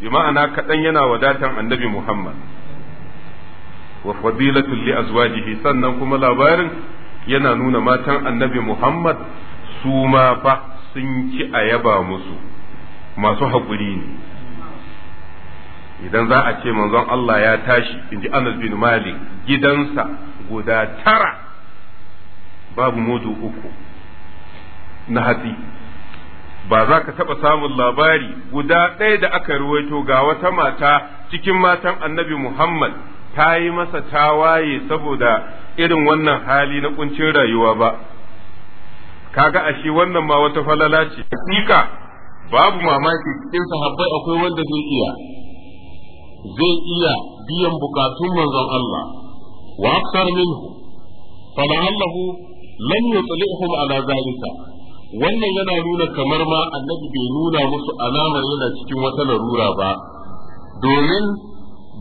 bi ma'ana kaɗan yana wadatar annabi Muhammad wa fadilatul li azwajihi sannan kuma labarin yana nuna matan annabi Muhammad su ma fa sun ci a yaba musu masu haƙuri ne idan za a ce manzon Allah ya tashi in ji Anas bin Malik gidansa guda tara babu mudu uku na hatsi ba za ka taɓa samun labari guda ɗaya da aka ruwaito ga wata mata cikin matan annabi Muhammad ta yi masa tawaye saboda irin wannan hali na ƙuncin rayuwa ba kaga ashe wannan ma wata falala ce hakika babu mamaki cikin sahabbai akwai wanda zai iya zai iya biyan bukatun manzon Allah wa akthar minhu falallahu lam yutlihum ala zalika wannan yana nuna kamar ma annabi bai nuna musu alamar yana cikin wata larura ba domin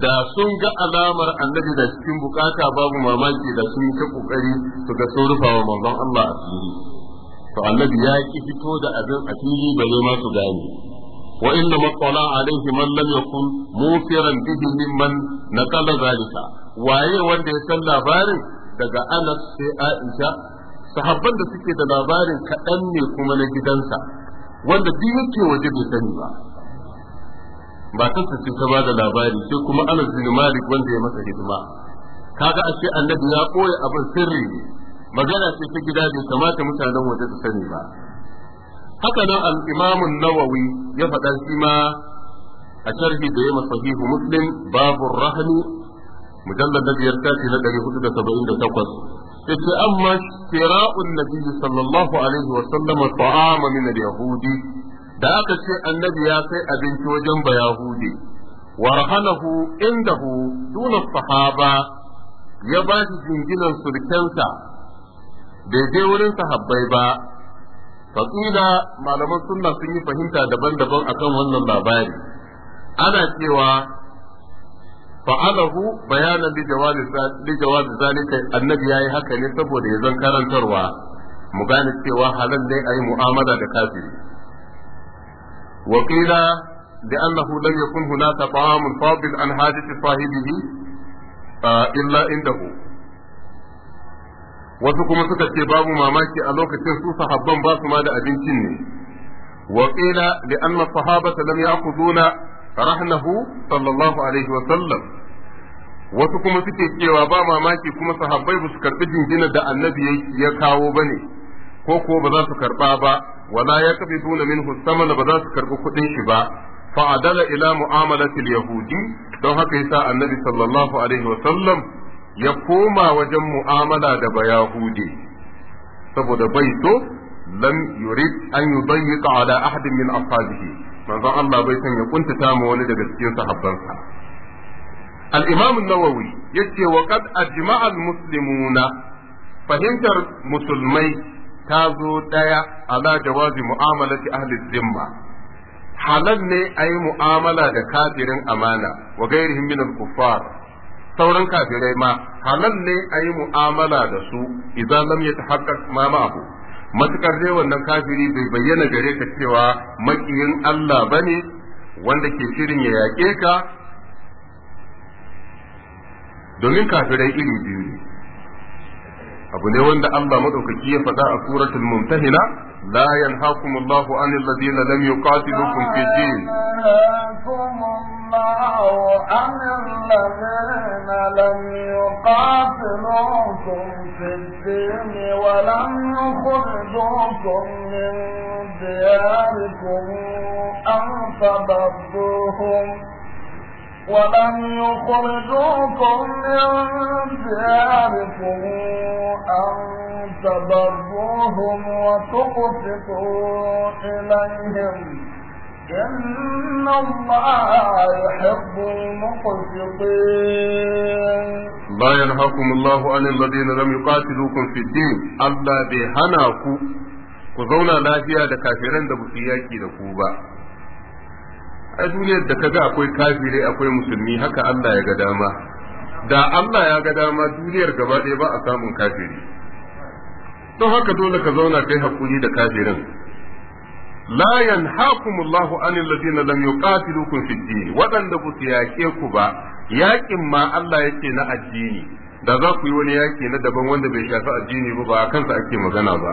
da sun ga alamar annabi da cikin bukata babu mamaki da sun yi ta kokari su ga sun rufa wa manzon Allah asiri to annabi ya ki fito da abin a fili ba ma su gane wa inna matsala alaihi man lam yakun mufiran bihi mimman naqala zalika waye wanda ya san labarin daga Anas sai Aisha sahabban da suke da labarin kaɗan ne kuma na gidansa wanda duk yake waje bai sani ba ba ta sace ta ba da labari sai kuma Anas bin Malik wanda ya masa hidima kaga ashe annabi ya ɓoye abin sirri ne magana ce ta gida bai kamata mutanen waje su sani ba haka nan al nawawi ya faɗa shi ma a sharhi da yayi sahihu muslim babu rahmi mujallad da biyar tashi na ya ce amma shira'un nabi sallallahu alaihi wa sallam ta'ama min al-yahudi da aka ce annabi ya sai abinci wajen Yahudi? wa rahanahu indahu duna sahaba ya ba shi jinginan surkensa bai je wurin sahabbai ba faƙila malaman sunna sun yi fahimta daban-daban akan wannan labari ana cewa fa'alahu bayanan bi jawabi zalika annabi yayi haka ne saboda ya zan karantarwa mu gane cewa halal dai ayi mu'amala da kafiri wa qila bi annahu lam yakun hunaka ta'amun fadil an hadith sahibihi illa indahu wasu kuma suka ce babu mamaki a lokacin su sahabban ba su ma da abincin ne wa qila li anna sahabata lam ya'khuduna rahnahu sallallahu alaihi wa sallam wasu kuma suke cewa ba mamaki kuma sahabbai ba su karbi jingina da annabi ya kawo bane ko ko ba za su karba ba wala yaqbiduna minhu samana ba za su karbi kuɗin shi ba fa'adala ila mu'amalati yahudi don haka yasa annabi sallallahu alaihi wa sallam ya koma wajen mu'amala da bayahudi saboda bai so lam yurid an yudayyiqa ala ahadin min ashabihi manzo Allah bai san ya kuntata mu wani daga cikin sahabbansa al-imam an-nawawi yace wa qad ajma'a al-muslimuna fahimtar musulmai ta zo daya ala jawazi mu'amalati ahli zimma halal ne ayi mu'amala da kafirin amana wa ghairihim min al-kuffar sauran kafirai ma halal ne a yi mu'amala da su idan lam ya tahaqqaq ma abu matukar dai wannan kafiri bai bayyana gare ka cewa maƙiyin Allah bane wanda ke shirin ya yaƙe ka domin kafirai iri biyu ne abu ne wanda Allah maɗaukaki ya faɗa a suratul mumtahina la yanhaakum Allahu anil ladina lam yuqatilukum fi din عن الذين لم يقاتلوكم في الدين ولم يخرجوكم من دياركم أن تبدوهم ولم يخرجوكم من دياركم أن تبروهم وتقسطوا إليهم إن الله يحب المقسطين لا ينهاكم الله عن الذين لم يقاتلوكم في الدين ألا بهناكو كزونا لافيا دا كافرين دا بسياكي دا كوبا a duniyar da kaga akwai kafirai akwai musulmi haka Allah ya ga dama da Allah ya ga dama duniyar gaba ɗaya ba a samun kafiri don haka dole ka zauna kai hakuri da kafirin la yanhaakumullahu anil ladina lam yuqatilukum fid din wadanda ba su yake ku ba yakin ma Allah yake na addini da za ku yi wani yaki na daban wanda bai shafi addini ba ba kansa ake magana ba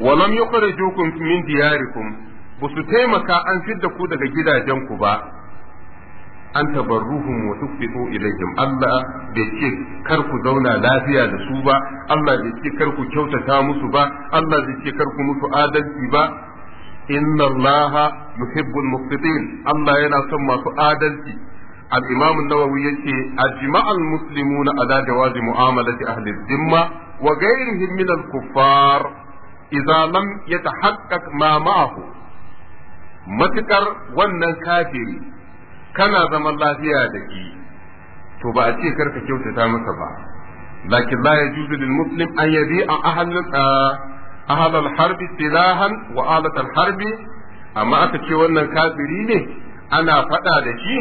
walam yukhrijukum min diyarikum ba su taimaka an fidda ku daga gidajen ku ba an tabarruhum wa tuqfitu ilayhim Allah bai ce kar ku zauna lafiya da su ba Allah bai ce kar ku kyautata musu ba Allah bai ce kar ku musu adalci ba inna allaha yuhibbul muqsitin Allah yana son masu adalci al-imam yake a jima'an ajma'a na muslimuna ala jawazi mu'amalati ahli dhimma wa ghayrihim min al-kuffar idza lam yatahaqqaq ma ma'ahu matukar wannan kafiri kana zama lafiya da ki to ba a ce kar ka kyautata masa ba lakin la yajuzu lil muslim an yabi'a ahli ah, Ahalal harbi silahan wa harbi amma aka ce wannan kafiri ne ana faɗa da shi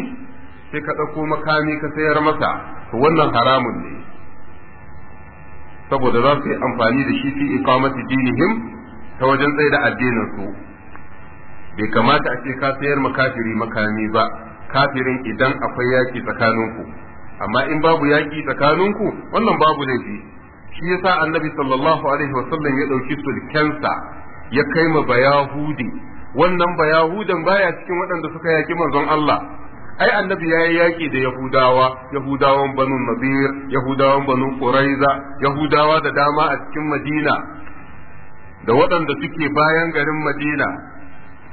sai ka ɗauko makami ka sayar masa to wannan haramun ne saboda za su yi amfani da shi fi iqamati dinihim ta wajen tsaye da addinin su bai kamata a ce ka sayar ma kafiri makami ba kafirin idan akwai yaki tsakaninku amma in babu yaki tsakaninku wannan babu laifi shi yasa annabi sallallahu alaihi wasallam ya dauki sulkansa ya kai ma bayahudi wannan bayahudan baya cikin waɗanda suka yaki manzon Allah ai annabi yayi yaki da yahudawa yahudawan banu nadir yahudawan banu quraiza yahudawa da dama a cikin madina da waɗanda suke bayan garin madina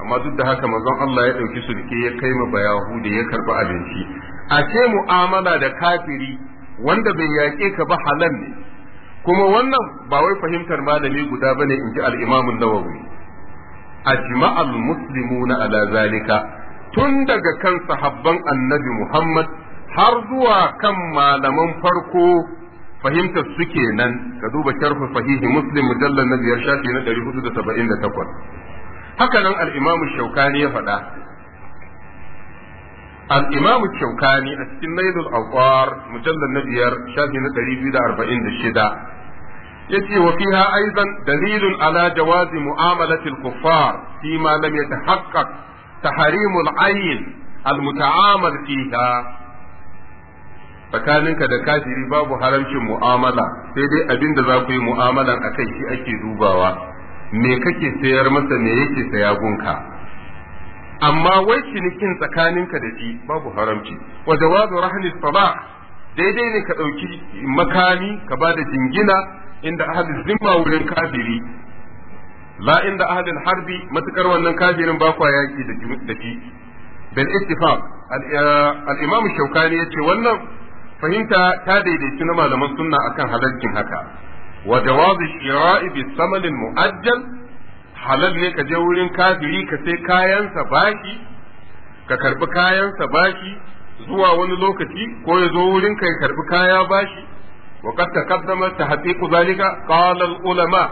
amma duk da haka manzon Allah ya ɗauki sulke ya kai ma bayahudi ya karba abinci a ce mu'amala da kafiri wanda bai yaƙe ka ba halal ne kuma wannan ba wai fahimtar malami guda ba ne in ji al'imamin nawawi ajma'a al na ala tun daga kan sahabban annabi Muhammad har zuwa kan malaman farko fahimtar su nan ka duba sharhu sahihi muslim mujallal na biyar shafi na 478 haka nan al-Imam ya faɗa al-imam shaukani a cikin nailul awqar mujallar na biyar shafi na 246 yace wa fiha aizan dalilin ala jawazi mu'amalati al-kuffar fi ma lam yatahaqqaq tahrim al-ayn al-muta'amal fiha tsakaninka da kafiri babu haramcin mu'amala sai dai abin da za ku yi mu'amalan akai shi ake dubawa me kake sayar masa me yake saya gunka amma wai cinikin tsakaninka da shi babu haramci wa jawazu rahni salah daidai ne ka ɗauki makami ka ba da jingina inda ahadin zimma wurin kafiri la inda ahadin harbi matukar wannan kafirin ba kwa yaki da shi bil ittifaq al imam shaukani yace wannan fahimta ta daidaitu na malaman sunna akan halalcin haka wa jawazu shira'i bi samalin mu'ajjal halal ne ka je wurin kafiri ka sai kayansa baki ka karbi kayansa bashi zuwa wani lokaci ko ya zo wurin ka karbi kaya bashi wa ta taqaddama tahqiqu zalika qala al ulama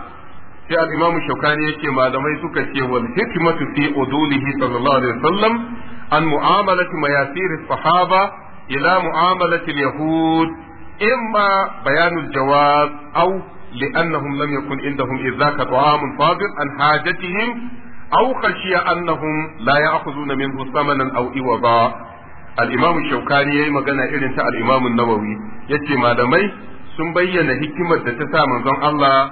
sai al imam shaukani yake malamai suka ce wal hikmatu fi udulihi sallallahu alaihi wasallam an mu'amalati mayasir sahaba ila mu'amalati al yahud imma bayanul jawab aw لأنهم لم يكن عندهم إذ ذاك طعام فاضل عن حاجتهم أو خشي أنهم لا يأخذون منه ثمنا أو إوضا الإمام الشوكاني يي مغنى إرنت الإمام النووي يتي ما دمي sun bayyana hikimar da ta sa manzon Allah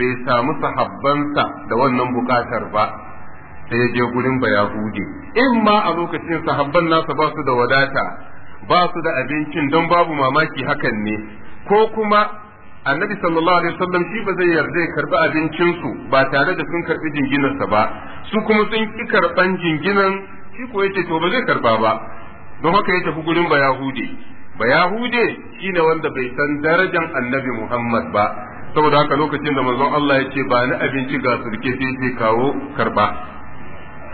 bai samu sahabbansa da wannan bukatar ba sai ya je gurin bayahude in ma a lokacin sahabban nasa ba su da wadata ba su da abincin don babu mamaki hakan ne ko kuma annabi sallallahu alaihi wasallam shi ba zai yarda ya karbi su ba tare da sun karbi sa ba su kuma sun ki karban jinginan shi ko yace to ba zai karba ba don haka ya tafi gurin ba yahude ba yahude shine wanda bai san darajar annabi muhammad ba saboda haka lokacin da manzon Allah ya ce ba ni abinci ga surke sai sai kawo karba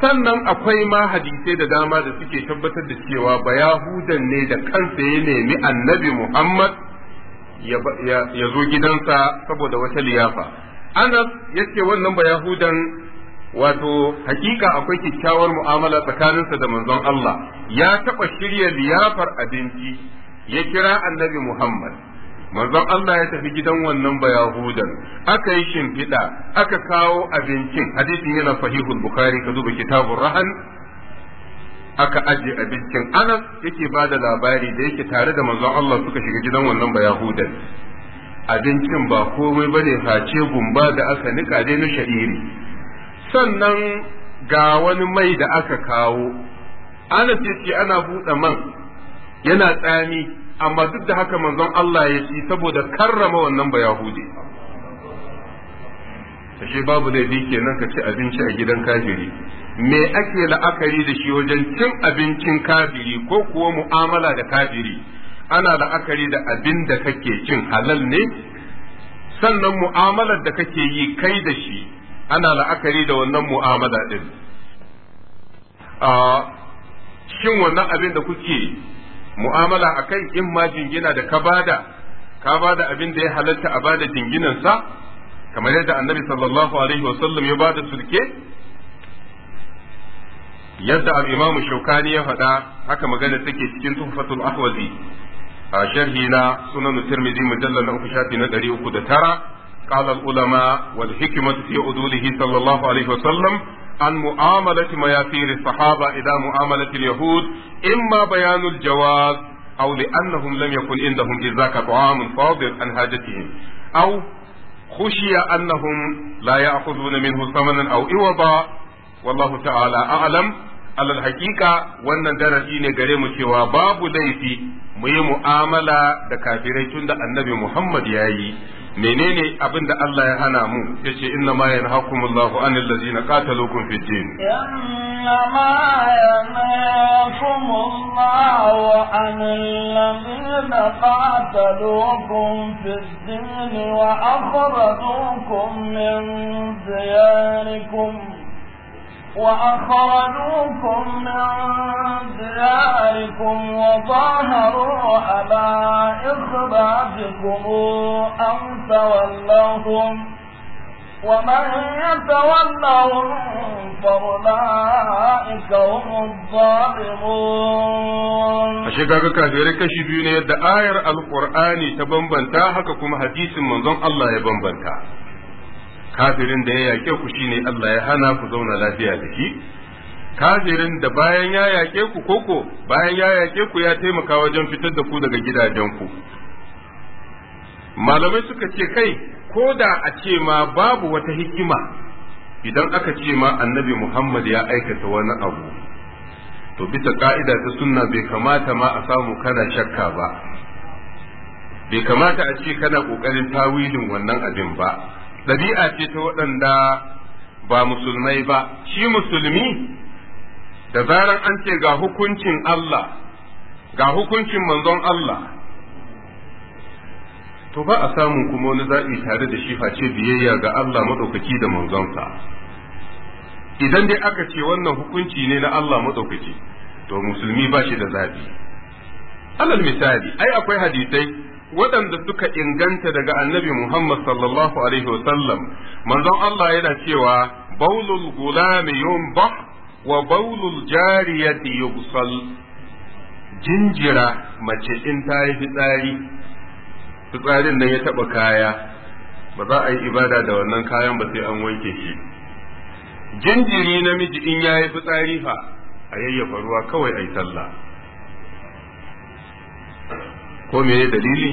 sannan akwai ma hadisai da dama da suke tabbatar da cewa ba yahudan ne da kansa ya nemi annabi muhammad ya zo gidansa saboda wata liyafa anas ya ce wannan ba yahudan wato hakika akwai kyakkyawar mu'amala tsakaninsa da manzon Allah ya taɓa shirya liyafar abinci ya kira annabi Muhammad manzon Allah ya tafi gidan wannan bayahudan aka yi shimfiɗa aka kawo abincin hadisin yana sahihul bukhari ka duba kitabur rahan aka aje abincin anas yake ba da labari da yake tare da manzon Allah suka shiga gidan wannan bayahudan abincin ba komai ba ne face gumba da aka nika dai na sha'iri sannan ga wani mai da aka kawo anas yake ana buɗe man yana tsami amma duk da haka manzon Allah ya ci saboda karrama wannan bayahudi ashe babu laifi kenan ka ci abinci a gidan kafiri me ake la'akari da shi wajen cin abincin kafiri ko kuwa mu'amala da kabiri ana la'akari da abin da kake cin halal ne sannan mu'amalar da kake yi kai da shi ana la'akari da wannan mu'amala din shin wannan abin da kuke mu'amala a kai in ma jingina da ka bada ka bada abin da ya halatta a bada jinginansa kamar yadda annabi sallallahu alaihi wasallam ya bada sulke yadda al’imamu shaukani ya faɗa haka magana take cikin tuhfatul ahwazi a sharhi na sunan tirmidhi mujallal na uku shafi na ɗari uku da tara qala ulama wal hikmat fi udulihi sallallahu alaihi wa sallam an mu'amalati mayasir sahaba idan mu'amalati yahud imma bayanul jawaz aw li annahum lam yakun indahum izaka ta'am fadil an hajatihim aw khushiya annahum la ya'khuduna minhu thamanan aw iwada والله تعالى أعلم alal haƙiƙa wannan darasi ne gare mu cewa babu laifi mu yi mu'amala da kafirai tun da annabi Muhammad ya yi menene abin da Allah ya hana mu ya ce inna ma yanhakumullahu anil ladzina qataluukum fid din inna ma yanhakumullahu anil ladzina qataluukum fid din wa akhrajukum min diyarikum وأخرجوكم من دياركم وظاهروا على إخراجكم أن تولوهم ومن يتولهم فأولئك هم الظالمون ashe kaga kafirai kashi biyu ne yadda ayar Alƙur'ani ta bambanta haka kuma hadisin manzon Allah ya bambanta kafirin da ya yaƙe ku shine Allah ya hana ku zauna lafiya da shi kafirin da bayan ya yaƙe ku koko bayan ya yaƙe ku ya taimaka wajen fitar da ku daga gidajen ku. malamai suka ce kai ko da a ce ma babu wata hikima idan aka ce ma annabi muhammad ya aikata wani abu to bisa ka'ida ta sunna bai kamata ma a samu kana shakka ba bai kamata a ce kana ƙoƙarin tawilin wannan abin ba ɗabi'a ce ta waɗanda ba musulmai ba shi musulmi da zaran an ce ga hukuncin Allah ga hukuncin manzon Allah to ba a samun kuma wani zaɓi tare da shi face biyayya ga Allah maɗaukaki da manzonsa idan dai aka ce wannan hukunci ne na Allah maɗaukaki to musulmi ba shi da zaɓi alal misali ai akwai hadisai waɗanda suka inganta daga annabi Muhammad sallallahu alaihi wasallam manzon Allah yana cewa baulul gulami yumbah wa baulul jariyati yubsal jinjira mace in ta yi fitsari fitsarin nan ya taɓa kaya ba za a yi ibada da wannan kayan ba sai an wanke shi jinjiri namiji in ya yi fitsari fa a yayyafa ruwa kawai a yi sallah ko meye dalili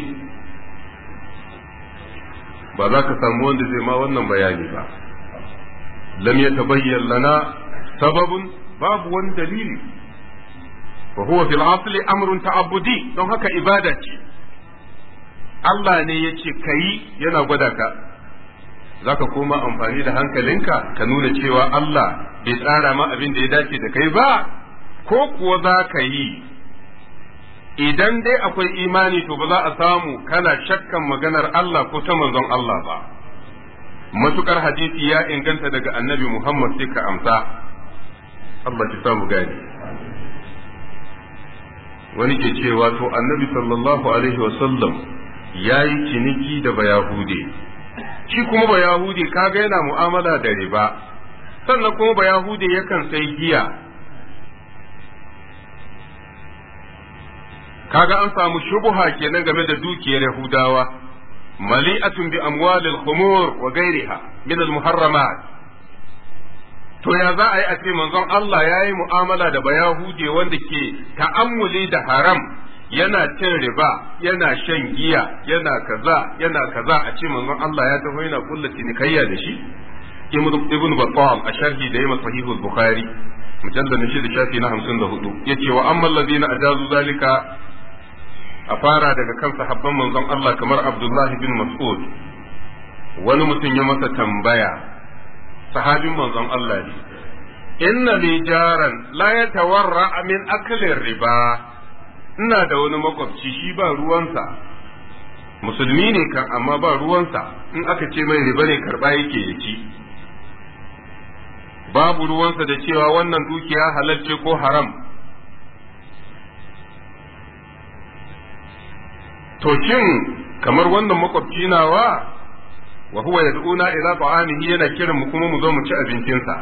ba za ka samu wanda zai ma wannan bayani ba lam ya tabayyan lana sababun babu wani dalili fa huwa fil asli amrun ta'abbudi don haka ibada ce Allah ne ya ce kayi yana gwada ka za ka koma amfani da hankalinka ka nuna cewa Allah bai tsara ma abin da ya dace da kai ba ko kuwa za ka yi idan dai akwai imani to ba za a samu kana shakkan maganar Allah ko ta manzon Allah ba matukar hadisi ya inganta daga annabi Muhammad sai ka amsa Allah ki samu gani wani ke cewa to annabi sallallahu alaihi wa ya yi ciniki da bayahude shi kuma bayahude kaga yana mu'amala da riba sannan kuma bayahude yakan sai giya kaga an samu shubuha kenan game da dukiyar yahudawa mali'atun bi amwalil khumur wa ghairiha min al muharramat to ya za a yi a ce manzon Allah ya yi mu'amala da bayahude wanda ke ta'ammuli da haram yana cin riba yana shan giya yana kaza yana kaza a ce manzon Allah ya taho yana kulla tinikayya da shi ibn Battal a sharhi da yayin sahihul bukhari mujallad na shida shafi na 54 yace wa amma allazina ajazu zalika a fara daga kan sahabban manzon Allah kamar Abdullahi bin Mas'ud wani mutum ya masa tambaya sahabin manzon Allah ne inna li jaran la yatawarra min akli riba ina da wani makwabci shi ba ruwansa musulmi ne kan amma ba ruwansa in aka ce mai riba ne karba yake ya ci babu ruwansa da cewa wannan dukiya halalce ko haram to shin kamar wannan makwabci nawa wa huwa yad'una ila ta'amihi yana kiran mu kuma mu zo mu ci abincinsa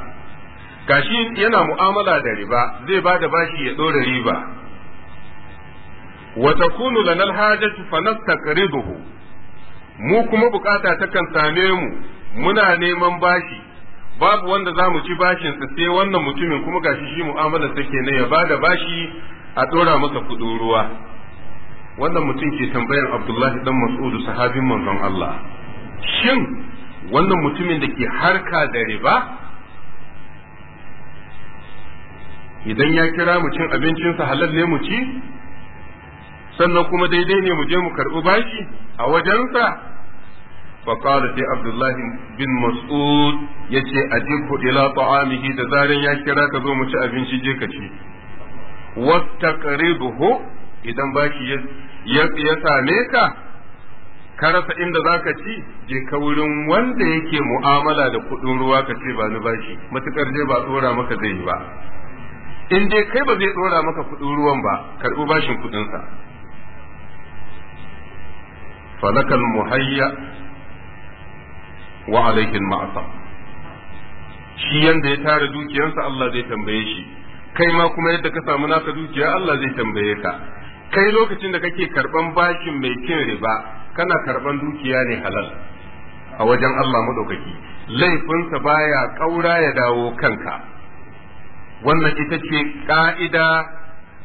gashi yana mu'amala da riba zai ba da bashi ya dora riba wa takunu lana alhajatu fanastaqriduhu mu kuma bukata takan same mu muna neman bashi babu wanda za mu ci bashin sa sai wannan mutumin kuma gashi shi mu'amalar take ne ya ba da bashi a dora masa kudin ruwa wannan mutum ke tambayar abdullahi dan masud sahabin manzon Allah shin wannan mutumin da ke harka da riba idan ya kira mu cin abincinsa halal ne mu ci sannan kuma daidai ne mu je mu karɓi bashi a wajensa فقال في عبد الله بن مسعود يتي أجبه إلى طعامه دزارين يا كرا تزوم أبن شجيكتي واستقرضه idan baki ya ya same ka ka rasa inda za ka ci je ka wurin wanda yake mu'amala da kuɗin ruwa ka ce ba ni bashi matukar je ba tsora maka zai yi ba in dai kai ba zai tsora maka kuɗin ruwan ba karɓi bashin kuɗinsa falakal muhayya wa alaikin ma'asa shi yanda ya tara dukiyarsa Allah zai tambaye shi kai ma kuma yadda ka samu naka dukiya Allah zai tambaye ka kai lokacin da kake karban bashin mai cin riba kana karban dukiya ne halal a wajen Allah madaukaki laifinsa baya kaura ya dawo kanka wannan ita ce ka'ida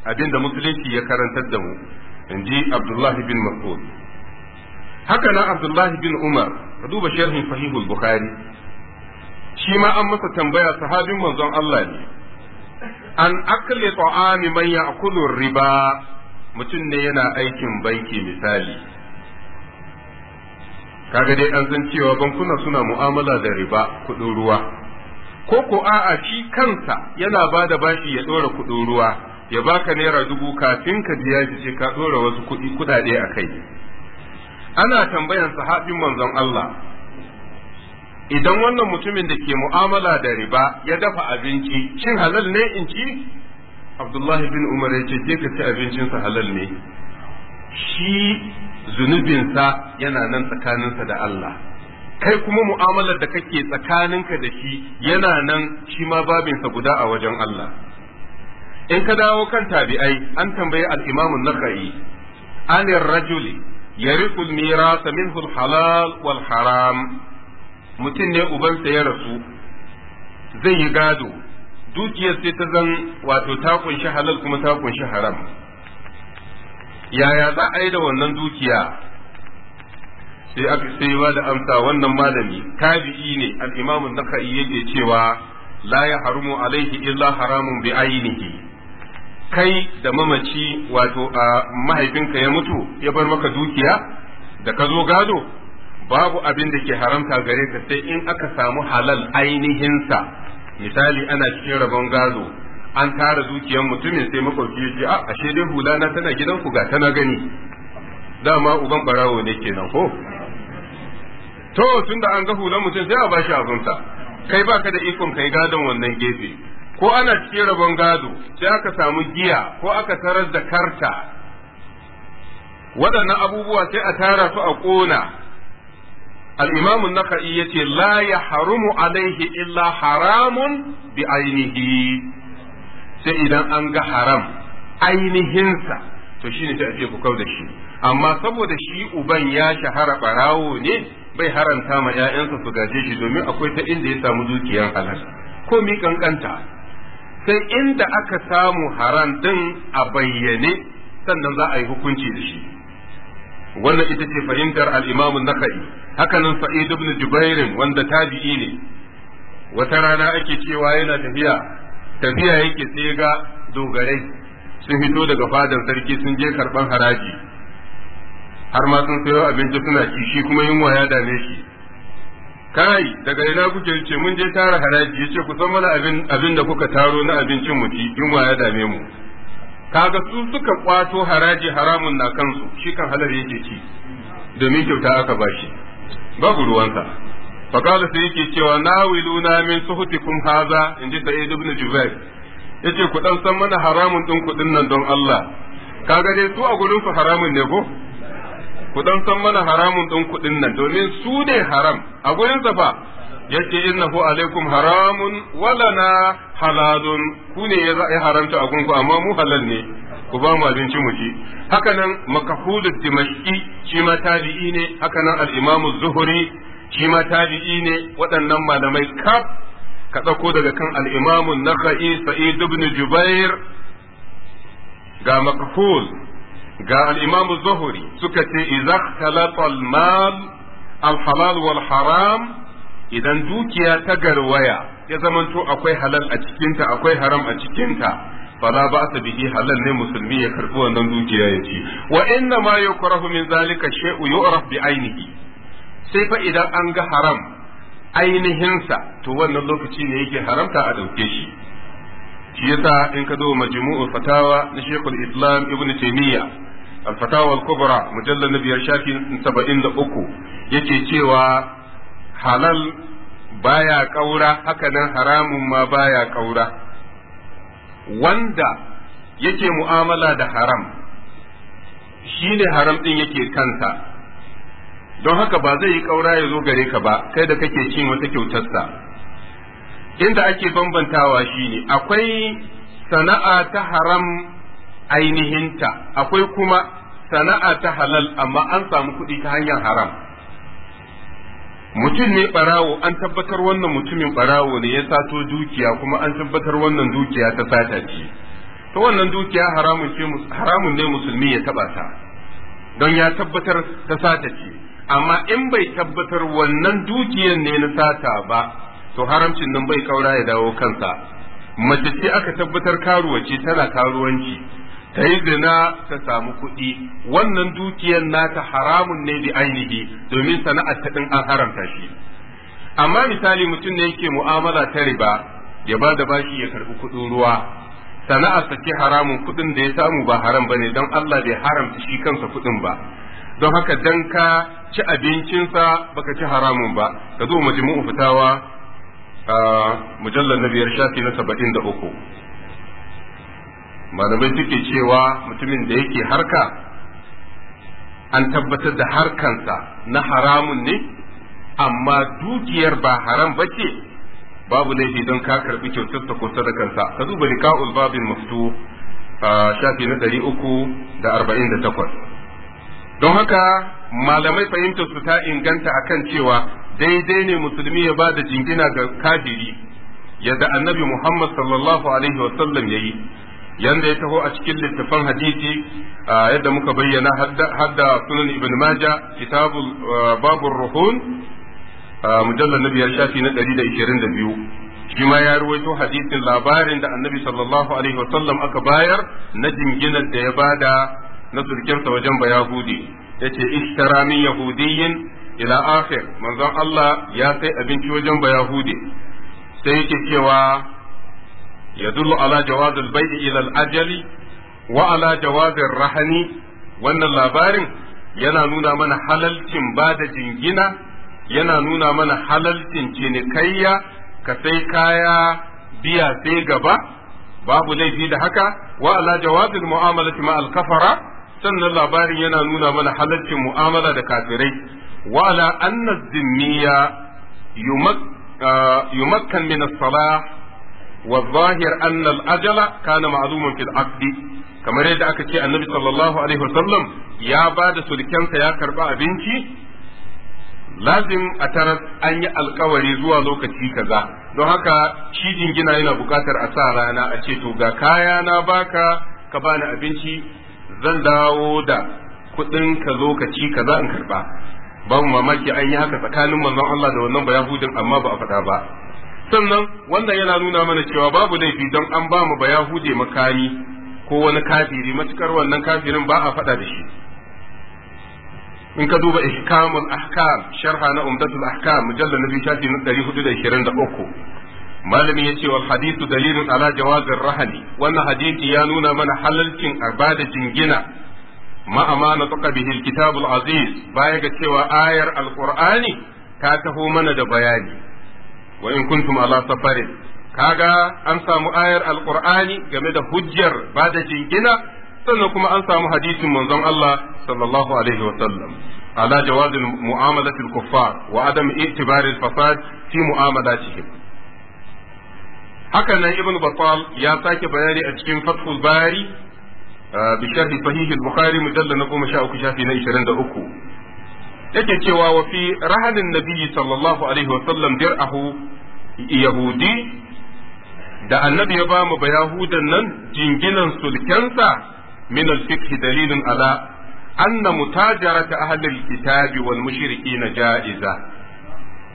abinda musulunci ya karantar da mu in ji Abdullahi bin Mas'ud haka nan Abdullahi bin Umar ka duba sharhin sahihul Bukhari shi ma an masa tambaya sahabin manzon Allah ne an akli ta'ami man ya'kulu riba mutum ne yana aikin banki misali kaga dai an san cewa bankuna suna mu'amala da riba kudin ruwa ko ko a'a shi kansa yana ba da bashi ya ɗora kudin ruwa ya baka naira dubu kafin ka biya shi ce ka ɗora wasu kuɗi kudade a kai ana tambayan sahabin manzon Allah idan wannan mutumin da ke mu'amala da riba ya dafa abinci cin halal ne in ci abdullahi bin umar ya ce je ka ci abincinsa halal ne shi zunubinsa yana nan tsakaninsa da Allah kai kuma mu'amalar da kake tsakaninka da shi yana nan shi ma babinsa guda a wajen Allah in ka dawo kan tabi'ai an tambayi al-imamu nakhai anir rajuli yariqu mirasa minhu al-halal wal haram mutum ne ubansa ya rasu zai yi gado dukiyar sai ta zan wato ta kunshi halal kuma ta kunshi haram yaya za a yi da wannan dukiya sai aka sai ba da amsa wannan malami tabi'i ne al-imamu nakhai yake cewa la ya harumu alaihi illa haramun bi ainihi kai da mamaci wato a mahaifinka ya mutu ya bar maka dukiya da ka zo gado babu abin da ke haramta gare ka sai in aka samu halal ainihinsa misali ana cikin rabon gado an tara zuciyar mutumin sai makwabci ya ce a ah, ashe dai hula na tana ku ga tana gani dama uban barawo ne kenan ko to tunda an ga hulan mutum sai a bashi abinsa kai baka da ikon kai gadon wannan gefe ko ana cikin rabon gado sai aka samu giya ko aka tarar da karta waɗannan abubuwa sai a tara su a ƙona الإمام النخعي لا يحرم عليه إلا حرام بعينه سيدا أنجا حرام عينهنسا to shi ne sai a ce ku kau da shi amma saboda shi uban ya shahara barawo ne bai haramta ma 'ya'yansa su gaje shi domin akwai ta inda ya samu dukiyar halal ko mi sai inda aka samu haram ɗin a bayyane sannan za a yi hukunci da shi wannan ita ce fahimtar al-Imam an-Nakhai hakanan Sa'id ibn Jubair wanda tabi'i ne wata rana ake cewa yana tafiya tafiya yake sai ga dogarai sun fito daga fadar sarki sun je karban haraji har ma sun sayo abinci suna ci kuma yunwa ya dame shi kai daga ina kuke ce mun je tara haraji yace ku san mana abin da kuka taro na abincin mu yunwa ya dame mu kaga su suka kwato haraji haramun na kansu shi kan halar yake ci domin kyauta aka bashi babu ruwansa fakala sai yake cewa nawiluna min suhutikum haza inji sa'id ibn jubair yace ku dan san mana haramun din kudin nan don Allah kaga dai su a gurin su haramun ne ko ku dan san mana haramun din kudin nan domin su ne haram a gurin sa fa yace innahu alaikum haramun walana haladun. ku ne ya za haramta a gunku amma mu halal ne ku ba mu abinci mu ci hakanan makahudud dimashqi shi ma tabi'i ne hakanan al-imamu zuhri shi ma tabi'i ne waɗannan malamai kaf ka daga kan al-imamu nakhai sa'id ibn jubair ga makhul ga al-imamu zuhri suka ce idza talata mal al-halal wal haram idan dukiya ta garwaya ya zamanto akwai halal a cikinta akwai haram a cikinta fala ba sa bihi halal ne musulmi ya karbi wannan dukiya ya ci wa inna ma yukrahu min zalika shay'u yu'raf bi ainihi sai fa idan an ga haram ainihinsa to wannan lokaci ne yake haramta a dauke shi shi yasa in ka zo majmu'ul fatawa na shaykhul Islam Ibn taymiya al-Fatawa al-Kubra mujallar na biyar shafin 73 yake cewa halal baya kaura hakanan haramun ma baya ƙaura wanda yake mu'amala da haram shi ne haram ɗin yake kansa don haka ba zai yi ƙaura ya zo gare ka ba kai da kake cin wata kyautarsa inda ake bambantawa shi ne akwai sana'a ta haram ainihinta akwai kuma sana'a ta halal amma an samu kuɗi ta hanyar haram mutum ne barawo an tabbatar wannan mutumin barawo ne ya sato dukiya kuma an tabbatar wannan dukiya ta sata ce to wannan dukiya haramun ce haramun ne musulmi ya taba ta don ya tabbatar ta sata ce amma in bai tabbatar wannan dukiyar ne na sata ba to haramcin nan bai kaura ya dawo kansa mace ce aka tabbatar karuwa ce tana karuwanci ta yi zina ta samu kuɗi wannan dukiyar nata haramun ne bi ainihi domin sana'ar ta ɗin an haramta shi amma misali mutum ne yake mu'amala ta riba ya ba da bashi ya karɓi kuɗin ruwa sana'ar ta ce haramun kuɗin da ya samu ba haram ba ne don Allah bai haramta shi kansa kuɗin ba don haka dan ka ci abincinsa baka ci haramun ba ka zo majmu'u fitawa a mujallar na biyar shafi na saba'in da uku malamai suke cewa mutumin da yake harka an tabbatar da harkansa na haramun ne amma dukiyar ba haram ba ce babu laifi don ka karbi kusa da kansa. ka zuba liqa'ul babin maftu a shafi na ɗari uku da arba'in da takwas don haka malamai fahimtar su ta inganta a kan cewa daidai ne musulmi ya ba da jingina ga kafiri yadda annabi muhammad sallallahu alaihi wasallam ya yi yanda ya taho a cikin littafan hadisi yadda muka bayyana hadda sunan ibn maja kitabul babur ruhun mujallal na biyar shafi na ɗari da ishirin da biyu shi ma ya ruwaito hadisin labarin da annabi sallallahu alaihi wasallam aka bayar na jinginar da ya bada na surkinsa wajen bayahudi ya ce ishtara min yahudiyin ila akhir manzon Allah ya sai abinci wajen bayahudi sai yake cewa yadullu ala jawazil bai'i ila al-ajali wa ala jawazir rahani wannan labarin yana nuna mana halalcin bada jingina yana nuna mana halalcin cinikayya ka sai kaya biya sai gaba babu laifi da haka wa ala jawazil mu'amalati ma al sannan labarin yana nuna mana halalcin mu'amala da kafirai wa ala anna zimmiya yumakkan min as-salah wa zahir ajala kana ma'lumun fil kamar yadda aka ce annabi sallallahu alaihi wasallam ya ba da sulkensa ya karba abinci lazim a taras an yi alkawari zuwa lokaci kaza don haka cijin gina yana bukatar a sa rana a ce to ga kaya na baka ka bani abinci zan dawo da kudin ka lokaci kaza in karba babu mamaki an yi haka tsakanin manzon Allah da wannan bayahudin amma ba a faɗa ba sannan wannan yana nuna mana cewa babu laifi don an ba mu ba yahuje makami ko wani kafiri matukar wannan kafirin ba a faɗa da shi in ka duba ihkamul ahkam sharha na umdatul ahkam mujallal nabi shafi na 423 malami yace wal hadithu dalilun ala jawazir rahani wannan hadisi ya nuna mana halalcin abada jingina ma amana tuka bihi aziz baya ga cewa ayar alqur'ani ta taho mana da bayani wa in kuntum ala safarin kaga an samu ayar alqur'ani game da hujjar ba da jingina sannan kuma an samu hadisin manzon Allah sallallahu alaihi wa sallam ala jawaz mu'amalat al-kuffar wa adam i'tibar al-fasad fi mu'amalatihim haka nan ibnu battal ya sake bayani a cikin fathul bari eh, bi sharhi sahih al-bukhari mujallad na 13 shafi na 23 yake cewa wa fi rahadin nabiyyi sallallahu alaihi wa sallam dir'ahu yahudi da annabi ya bamu ba yahudan nan jinginan sulkensa min al-fiqh dalilun ala anna mutajarata ahli al-kitabi wal mushrikin ja'iza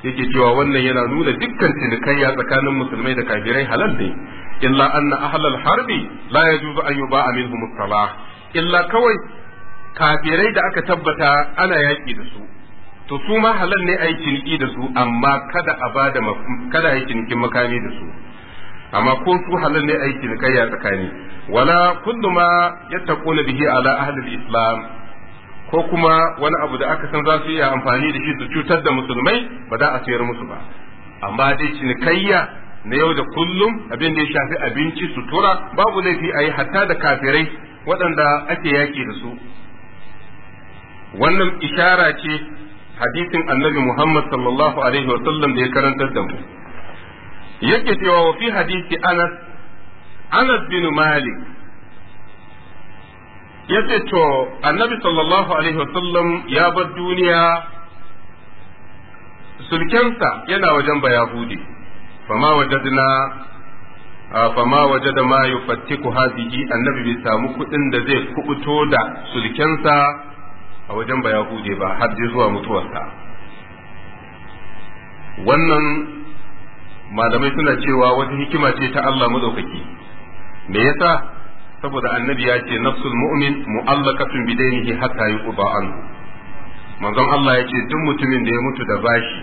yake cewa wannan yana nuna dukkan cinikayya tsakanin musulmai da kafirai halal ne illa anna ahlal harbi la yajuzu an yuba'a minhum salah illa kawai kafirai da aka tabbata ana yaƙi da su to su ma halal ne a yi da su amma kada a ba kada a yi cinikin makami da su amma ko su halal ne a yi cinikayya tsakani wala kullu ma yattaquna bihi ala ahli islam ko kuma wani abu da aka san za su iya amfani da shi su cutar da musulmai ba za a sayar musu ba amma dai cinikayya na yau da kullum abin da ya shafi abinci sutura babu laifi a yi hatta da kafirai waɗanda ake yaƙi da su wannan ishara ce hadisin annabi Muhammad sallallahu alaihi wa sallam da ya karantar da mu yake cewa wa fi hadisi Anas Anas bin Malik yace to annabi sallallahu alaihi wa sallam ya bar duniya sulkensa yana wajen bayahudi fama wajadna fama wajada ma yufattiku hadhihi annabi bai samu kuɗin da zai kubuto da sulkensa a wajen ba yahude ba har dai zuwa mutuwarsa wannan malamai suna cewa wata hikima ce ta Allah ki me yasa saboda annabi ya ce nafsul mu'min mu'allaqatun dainihi hatta yuqda anhu manzon Allah ya ce duk mutumin da ya mutu da bashi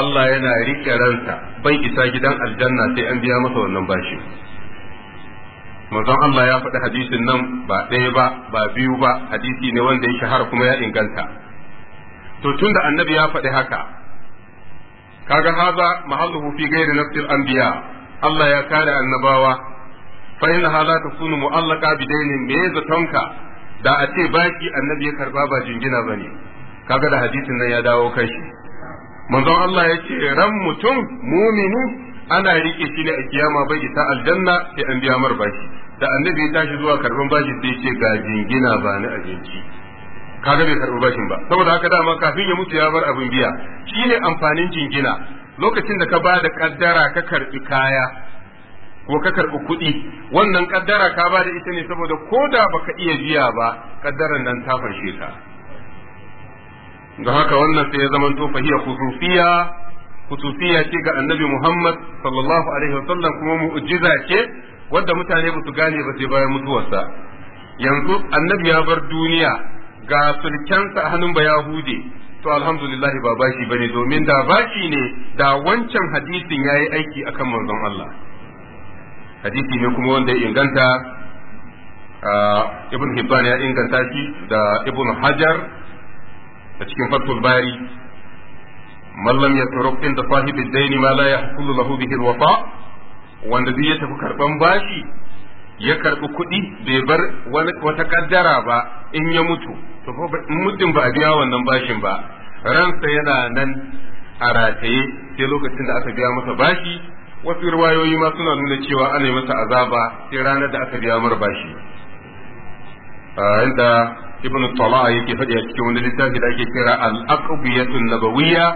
Allah yana rike ransa bai isa gidan aljanna sai an biya masa wannan bashi manzon Allah ya faɗi hadisin nan ba ɗaya ba ba biyu ba hadisi ne wanda ya shahara kuma ya inganta to tun da annabi ya faɗi haka kaga haza mahalluhu fi ghairi nafsil anbiya Allah ya kare annabawa fa inna hadha takunu mu'allaqa bidainin me zatonka da a ce baki annabi ya karba ba jingina bane kaga da hadisin nan ya dawo kai manzon Allah ya ce ran mutum mumini ana rike shi ne a kiyama bai isa aljanna sai an biya mar bashi da annabi ya tashi zuwa karban bashi sai ce ga jingina ba ni abinci kaga bai karbi bashin ba saboda haka dama kafin ya mutu ya bar abin biya shine amfanin jingina lokacin da ka ba da kaddara ka karbi kaya ko ka karbi kuɗi wannan kaddara ka ba da ita ne saboda ko da baka iya biya ba kaddaran nan ta fashe ka da haka wannan sai ya zama zamanto fahiya khususiya hususiya ce ga annabi Muhammad sallallahu alaihi wasallam kuma mu'jiza ce wadda mutane ba su gane ba sai bayan mutuwarsa yanzu annabi ya bar duniya ga sulkensa a hannun bayahude to alhamdulillah ba bashi bane domin da bashi ne da wancan hadisin yayi aiki akan manzon Allah hadisi ne kuma wanda ya inganta ibn Hibban ya inganta shi da ibn Hajar a cikin Fatul Bari man lam yatruk inda sahibi daini ma la yahkulu lahu bihi alwafa wanda duk ya tafi karban bashi ya karbi kuɗi bai bar wata kaddara ba in ya mutu to muddin ba a biya wannan bashin ba ransa yana nan a rataye sai lokacin da aka biya masa bashi wasu riwayoyi ma suna nuna cewa ana yi masa azaba sai ranar da aka biya mar bashi inda ibn Tala yake faɗi a cikin wani littafi da ake kira al-aqbiyatun nabawiyya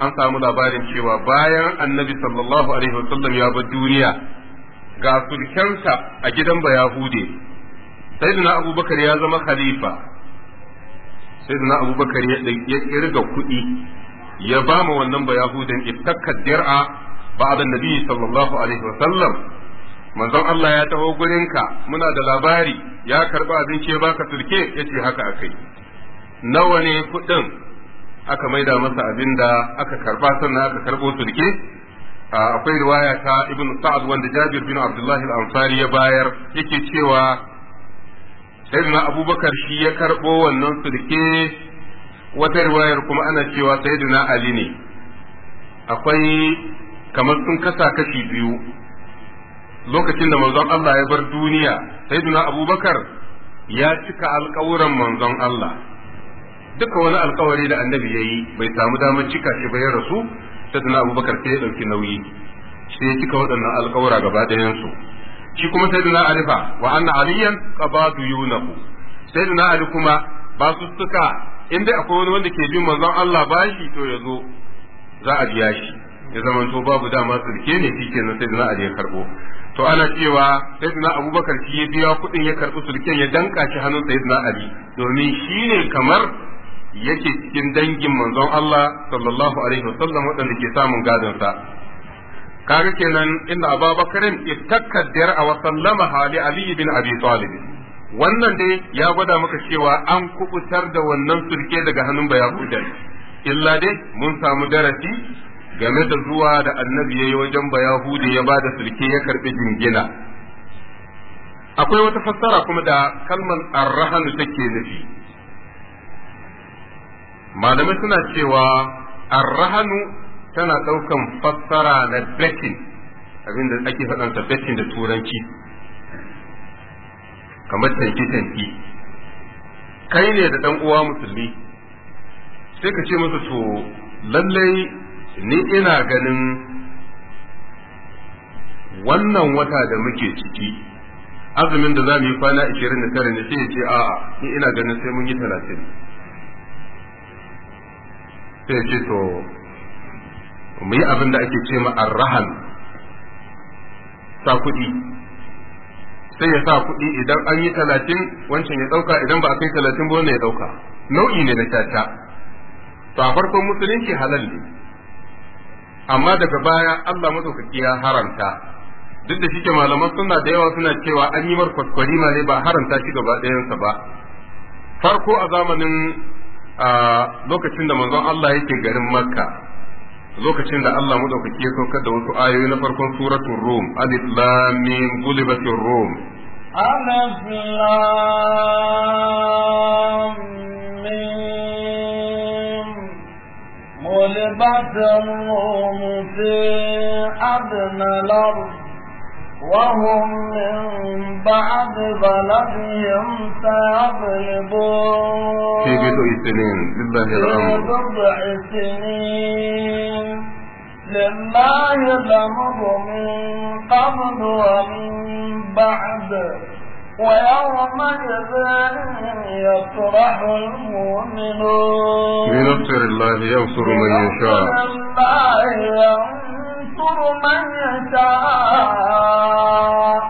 an samu labarin cewa bayan annabi sallallahu alaihi wasallam ya bar duniya ga sulkensa a gidan bayahude sayyidina abubakar ya zama khalifa sayyidina abubakar ya kirga kuɗi ya ba mu wannan bayahudin ittakka dir'a ba'da nabi sallallahu alaihi wasallam manzon Allah ya taho gurinka muna da labari ya karba abinci ya baka sulke yace haka akai nawa ne kuɗin aka maida masa abin da aka karba sannan aka karbo sulke akwai riwaya ta ibn sa'ad wanda jabir bin abdullahi al-ansari ya bayar yake cewa sayyidina abubakar shi ya karbo wannan sulke wata riwayar kuma ana cewa sayyidina ali ne akwai kamar sun kasa kashi biyu lokacin da manzon Allah ya bar duniya sayyidina abubakar ya cika alƙawuran manzon Allah duka wani alkawari da annabi ya yi bai samu damar cika shi bai rasu sai tana abubakar sai ya ɗauki nauyi sai ya cika waɗannan alkawura gaba ɗayansu shi kuma sai duna alifa wa anna aliyan qabadu yunahu sai duna ali kuma ba su suka in dai akwai wani wanda ke bin manzon Allah bashi to ya zo za a biya shi ya zamanto babu dama sulke ne shi kenan sai duna ali ya karɓo to ana cewa sayyidina abubakar shi ya biya kuɗin ya karɓi sulken ya danka shi hannun sayyidina ali domin shi ne kamar yake cikin dangin manzon Allah sallallahu alaihi wa sallam waɗanda ke samun gadon sa kaga kenan inna ababakarin ittakaddar a sallama hali ali bin abi talib wannan dai ya gwada maka cewa an kubutar da wannan surke daga hannun bayahudan illa dai mun samu darasi game da zuwa da annabi yayi wajen bayahudi ya bada surke ya karbi jingina akwai wata fassara kuma da kalmar arrahanu take nufi malamai suna cewa arrahanu tana ɗaukan fassara na betting da ake faɗansa betting da turanci kamar tanki-tanki kai ne da ɗan uwa musulmi sai ka ce musu to lallai ni ina ganin wannan wata da muke ciki azumin da za mu yi kwana 29 ne sai ya ce a'a ni ina ganin sai mun yi 30 sai ce to mu yi abin da ake ce ma arrahan sa kuɗi sai ya sa kuɗi idan an yi talatin wancan ya ɗauka idan ba a kai talatin ba wannan ya ɗauka nau'i ne na caca to a farkon musulunci halal ne amma daga baya Allah madaukaki ya haramta duk da shike malaman suna da yawa suna cewa an yi mar ma ne ba haramta shi gaba ɗayansa ba farko a zamanin a lokacin da manzon Allah yake garin makka lokacin da Allah madaukake ya saukar da wasu ayoyi na farkon suratul rum alif lam mim rum alif lam mim rum وهم من بعد غلبهم سيغلبون في بضع سنين لله الأمر في بضع سنين لله الأمر من قبل ومن بعد ويومئذ يطرح المؤمنون بنصر الله ينصر من يشاء بنصر الله ينصر من يشاء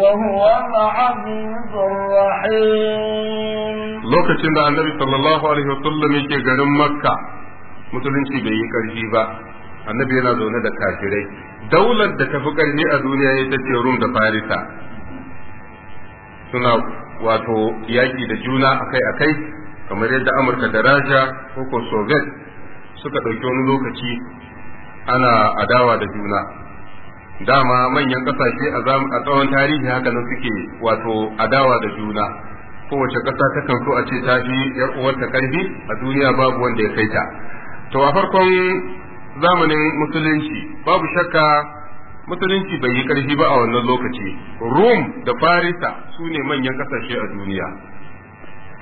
وهو العزيز الرحيم lokacin da annabi sallallahu alaihi wasallam yake garin makka musulunci bai yi karfi ba annabi yana zaune da kafirai daular da tafi karfi a duniya ita ce rum da farisa suna wato yaki da juna akai-akai kamar yadda amurka da raja ko ko soviet suka ɗauki wani lokaci ana adawa da juna dama manyan kasashe a tsawon tarihi haka nan suke wato adawa da juna kowace kasa takan so a ce ta fi yar uwarta karfi a duniya babu wanda ya kai ta to a farkon zamanin musulunci babu shakka musulunci bai yi karfi ba a wannan lokaci rum da farisa su ne manyan kasashe a duniya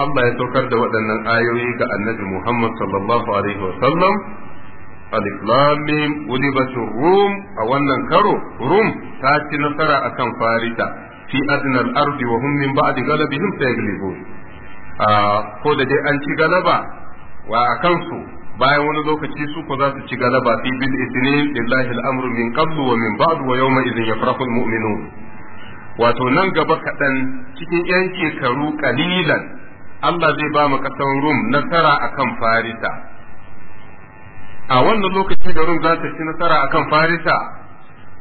Allah ya saukar da waɗannan ayoyi ga annabi Muhammad sallallahu alaihi wa sallam alif lam mim rum a wannan karo rum ta ci nasara akan farisa fi adnal ardi wa hum min ba'di galabihim sayaglibun ko da dai an ci galaba wa a kansu bayan wani lokaci su ko za su ci galaba fi bil isnin lillahi al min qablu wa min ba'du wa yawma idhin yafrahu al-mu'minun wato nan gaba kaɗan cikin yan shekaru kalilan Allah zai ba mu kasan Rum nasara akan Farisa a wannan lokacin da za ta ci nasara akan farisa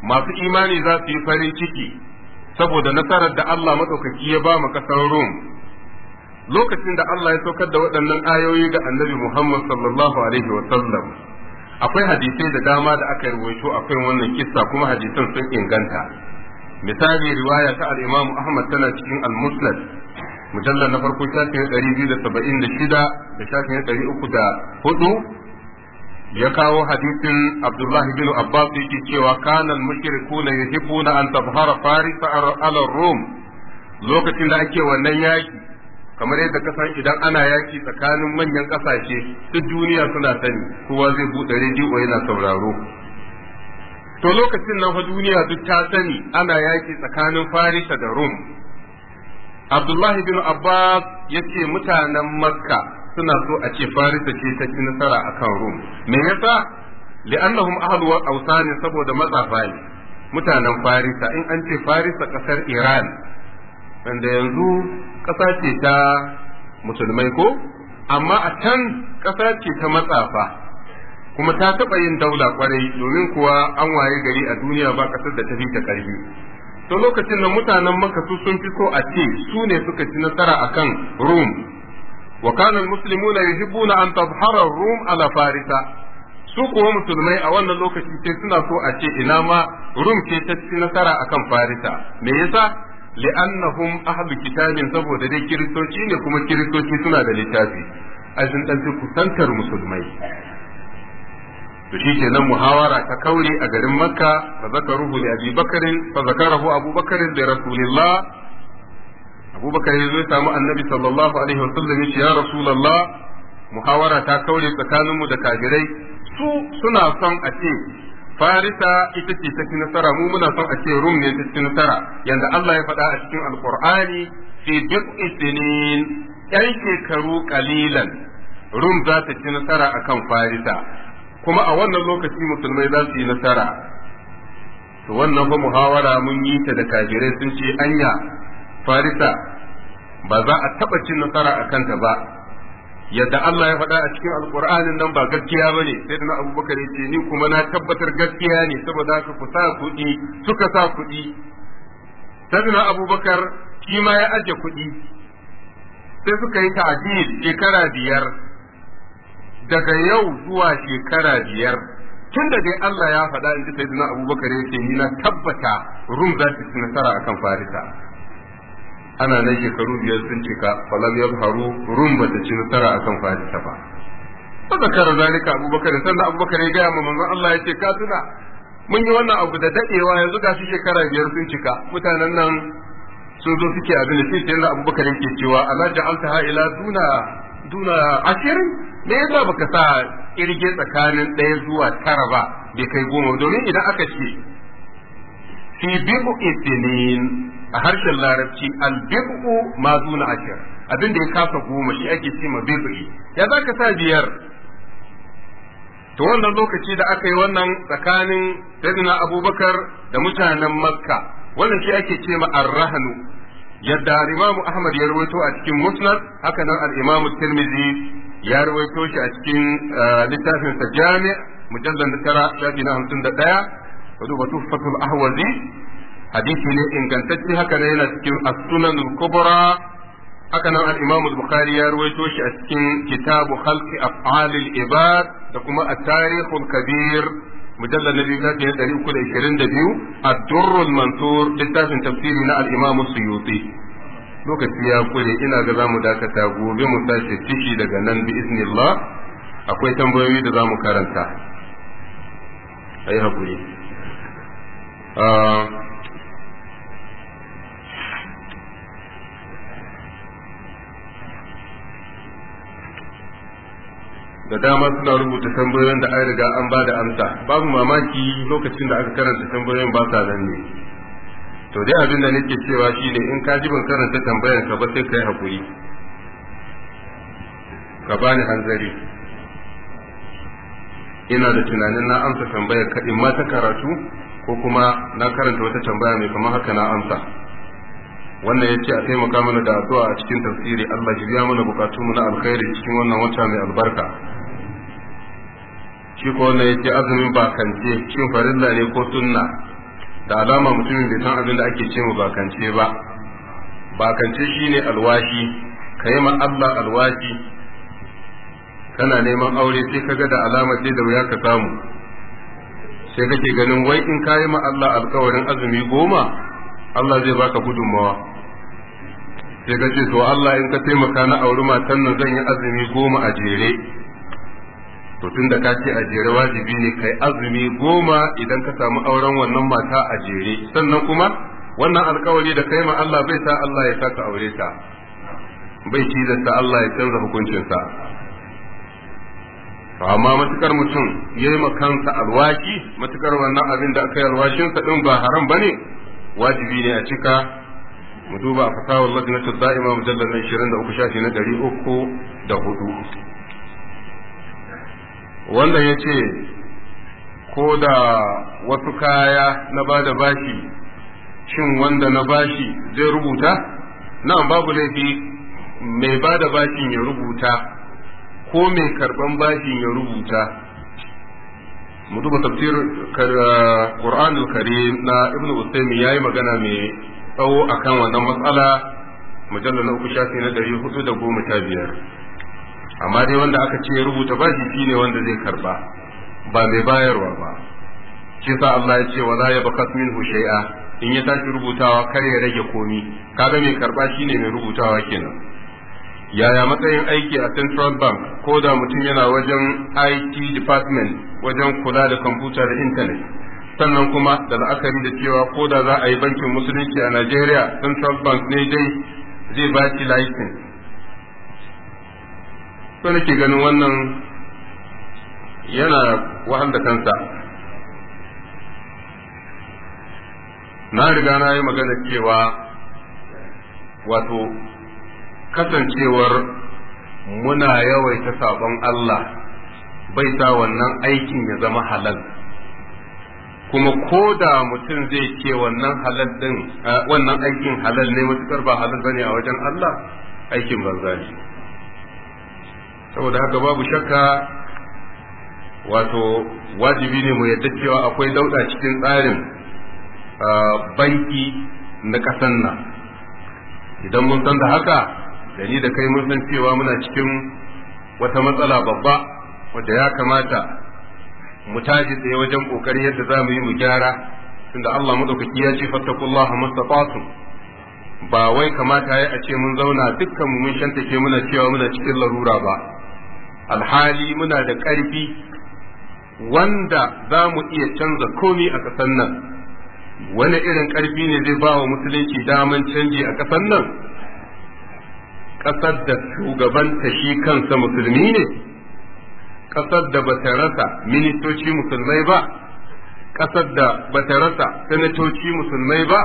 masu imani za su yi farin ciki saboda nasarar da Allah matsaukaki ya ba mu kasar rum lokacin da Allah ya saukar da waɗannan ayoyi ga annabi Muhammad sallallahu alaihi wa sallam akwai hadisai da dama da aka rubuto akwai wannan kissa kuma hadisan sun inganta misali riwaya ta al-Imam Ahmad tana cikin al-Musnad mujallal na farko shafin 276 da shafin 304 ya kawo hadisin Abdullahi bin Abbas yake cewa kanal mushrikuna yuhibbuna an tabhara farisa ala rum lokacin da ake wannan yaki kamar yadda san idan ana yaki tsakanin manyan kasashe duk duniya suna sani kowa zai bude rediyo yana sauraro to lokacin nan fa duniya duk ta sani ana yaki tsakanin farisa da rum Abdullahi bin Abbas yace mutanen Makka suna so a ce farisa ce ta ci nasara akan rum me yasa li'annahum ahlu wa ne saboda matsafa ne mutanen farisa in an ce farisa kasar iran wanda yanzu kasa ce ta musulmai ko amma a can kasa ce ta matsafa kuma ta taɓa yin daula kwarai domin kuwa an waye gari a duniya ba kasar da ta fi ta ƙarfi to lokacin da mutanen Makka su sun fi so a ce su ne suka ci nasara akan rum wa kana almuslimuna yuhibbuna an tadhhara rum ala farisa su kuwa musulmai a wannan lokacin sai suna so a ce ina ma rum ce ta ci nasara akan farisa me yasa li'annahum ahlu kitabin saboda dai kiristoci ne kuma kiristoci suna da littafi a sun ɗanci kusantar musulmai to shi ke nan muhawara ta kaure a garin makka fa zakaruhu li abi bakarin fa zakarahu abu bakarin da rasulillah abubakar ya zo samu annabi sallallahu alaihi wasallam ya ce ya rasulullah muhawara ta kaure tsakaninmu da kafirai su suna son a ce farisa ita ce ta ci nasara mu muna son a ce rum ne ta ci nasara yanda Allah ya faɗa a cikin alqur'ani fi bid'i sinin yan shekaru kalilan rum za ta ci nasara akan farisa kuma a wannan lokaci musulmai za su yi nasara to wannan ba muhawara mun yi ta da kafirai sun ce anya farisa ba za a taɓa cin nasara a kanta ba yadda Allah ya faɗa a cikin alƙur'anin nan ba gaskiya ba ne sai na abubakar ce ni kuma na tabbatar gaskiya ne saboda haka ku sa kuɗi suka sa kuɗi sai na abubakar shi ma ya ajiye kuɗi sai suka yi ta'adil shekara biyar daga yau zuwa shekara biyar tun da dai Allah ya faɗa in ji sai na abubakar yake ni na tabbata rum za su ci nasara akan farisa ana nan shekaru biyar sun cika ya yadharu rum ba ta ci nasara akan farisa ba fa zakara zalika abubakar sannan abubakar ya gaya ma manzon Allah ce ka tuna mun yi wannan abu da dadewa yanzu ga shi shekara biyar sun cika mutanen nan sun zo suke a gani sai da abubakar yake cewa ala ja'altaha ila duna duna ashirin me yasa baka sa kirge tsakanin ɗaya zuwa tara ba bai kai goma domin idan aka ce fi bi'u isinin a harshen larabci albibu ma zuna ashir abin da ya kasa goma shi ake ce ma ya za ka sa biyar to wannan lokaci da aka yi wannan tsakanin sayyidina abubakar da mutanen makka wannan shi ake ce ma arrahanu yadda al-imam ahmad ya rawaito a cikin musnad haka nan al-imam tirmidhi ya rawaito shi a cikin eh, littafin sa jami' mujallad tara 51 wa duba fatul ahwazi hadisi ne ingantacce haka yana cikin as-sunan al-kubra haka ya ruwaito shi a cikin kitabu khalqi af'al al da kuma at-tarikh al-kabir mujallad na biyu ɗari uku da ishirin da biyu ad-durr al littafin tafsiri na al-imam suyuti lokaci ya kure ina ga zamu dakata gobe mu tashi ciki daga nan bi iznillah akwai tambayoyin da zamu karanta ayi da dama suna rubuta tambayoyin da an riga an ba da amsa babu mamaki lokacin da aka karanta tambayoyin ba sa nan to dai abin da nake cewa shine in ka ji ban karanta tambayar ka ba sai kai hakuri ka bani hanzari ina da tunanin na amsa tambayar ka in ma ta karatu ko kuma na karanta wata tambaya mai kamar haka na amsa wannan ya ce a taimaka mana da addu'a a cikin tafsiri Allah ya mana bukatu na alkhairi cikin wannan wata mai albarka shi ko ya yake azumin bakance shin farilla ne ko sunna da alama mutumin bai san abin da ake ce mu bakance ba bakance shine alwashi ka yi ma Allah alwashi kana neman aure sai kaga da alama ce da wuya ka samu sai kake ganin wai in ka yi ma Allah alkawarin azumi goma Allah zai baka gudunmawa sai ka ce to Allah in ka taimaka na auri matan nan zan yi azumi goma a jere to tun da ka ce a jere wajibi ne kai azumi goma idan ka samu auren wannan mata a jere sannan kuma wannan alkawari da kai ma Allah bai sa Allah ya saka aure ta bai ci da sa Allah ya canza hukuncinsa to amma matukar mutum yayi ma kansa alwaki, matukar wannan abin da aka yi alwashinsa din ba haram bane wajibi ne a cika mu duba a fasahar ta da'ima mujallal 23 shafi na 304 wanda ya ce ko da wasu kaya na ba da bashi shin wanda na bashi zai rubuta na'am babu laifi mai ba da bashin ya rubuta ko mai karban bashin ya rubuta Mutu duba tafsir Kur'an ah, kare na Ibn ya yi magana mai tsawo akan wannan matsala mujallar na uku shafi na biyar. amma dai wanda aka ce ya rubuta bashi shine wanda zai karba ba mai bayarwa ba shi sa Allah ya ce wa za ya bakas minhu shay'a in ya tashi rubutawa kar ya rage komi kaga mai karba shine mai rubutawa kenan yaya matsayin aiki a central bank ko da mutum yana wajen it department wajen kula da kwamfuta da intanet sannan kuma da la'akari da cewa ko da za a yi bankin musulunci a nigeria central bank ne dai zai ba shi license sai nake ganin wannan yana wahal da kansa na riga na yi magana cewa wato kasancewar muna yawaita sabon Allah bai sa wannan aikin ya zama halal kuma ko da mutum zai ce wannan halal din eh, wannan aikin halal ne matukar ba halal bane a wajen Allah aikin banza ne saboda haka babu shakka wato wajibi ne mu yadda cewa akwai dauda cikin tsarin banki na kasan nan idan mun san da haka da ni da kai mun san cewa muna cikin wata matsala babba wadda ya kamata mu taji tsaye wajen ƙoƙarin yadda za mu yi mu gyara tunda Allah madaukaki ya ce fattakullaha mastata'tum ba wai kamata yi a ce mun zauna dukkan mu mun shantake muna cewa muna cikin larura ba alhali muna da ƙarfi wanda za mu iya canza komi a ƙasar nan wani irin ƙarfi ne zai ba wa musulunci daman canji a ƙasar nan ƙasar da shugabanta shi kansa musulmi ne ƙasar da ba ta rasa ministoci musulmai ba ƙasar da ba ta rasa sanatoci musulmai ba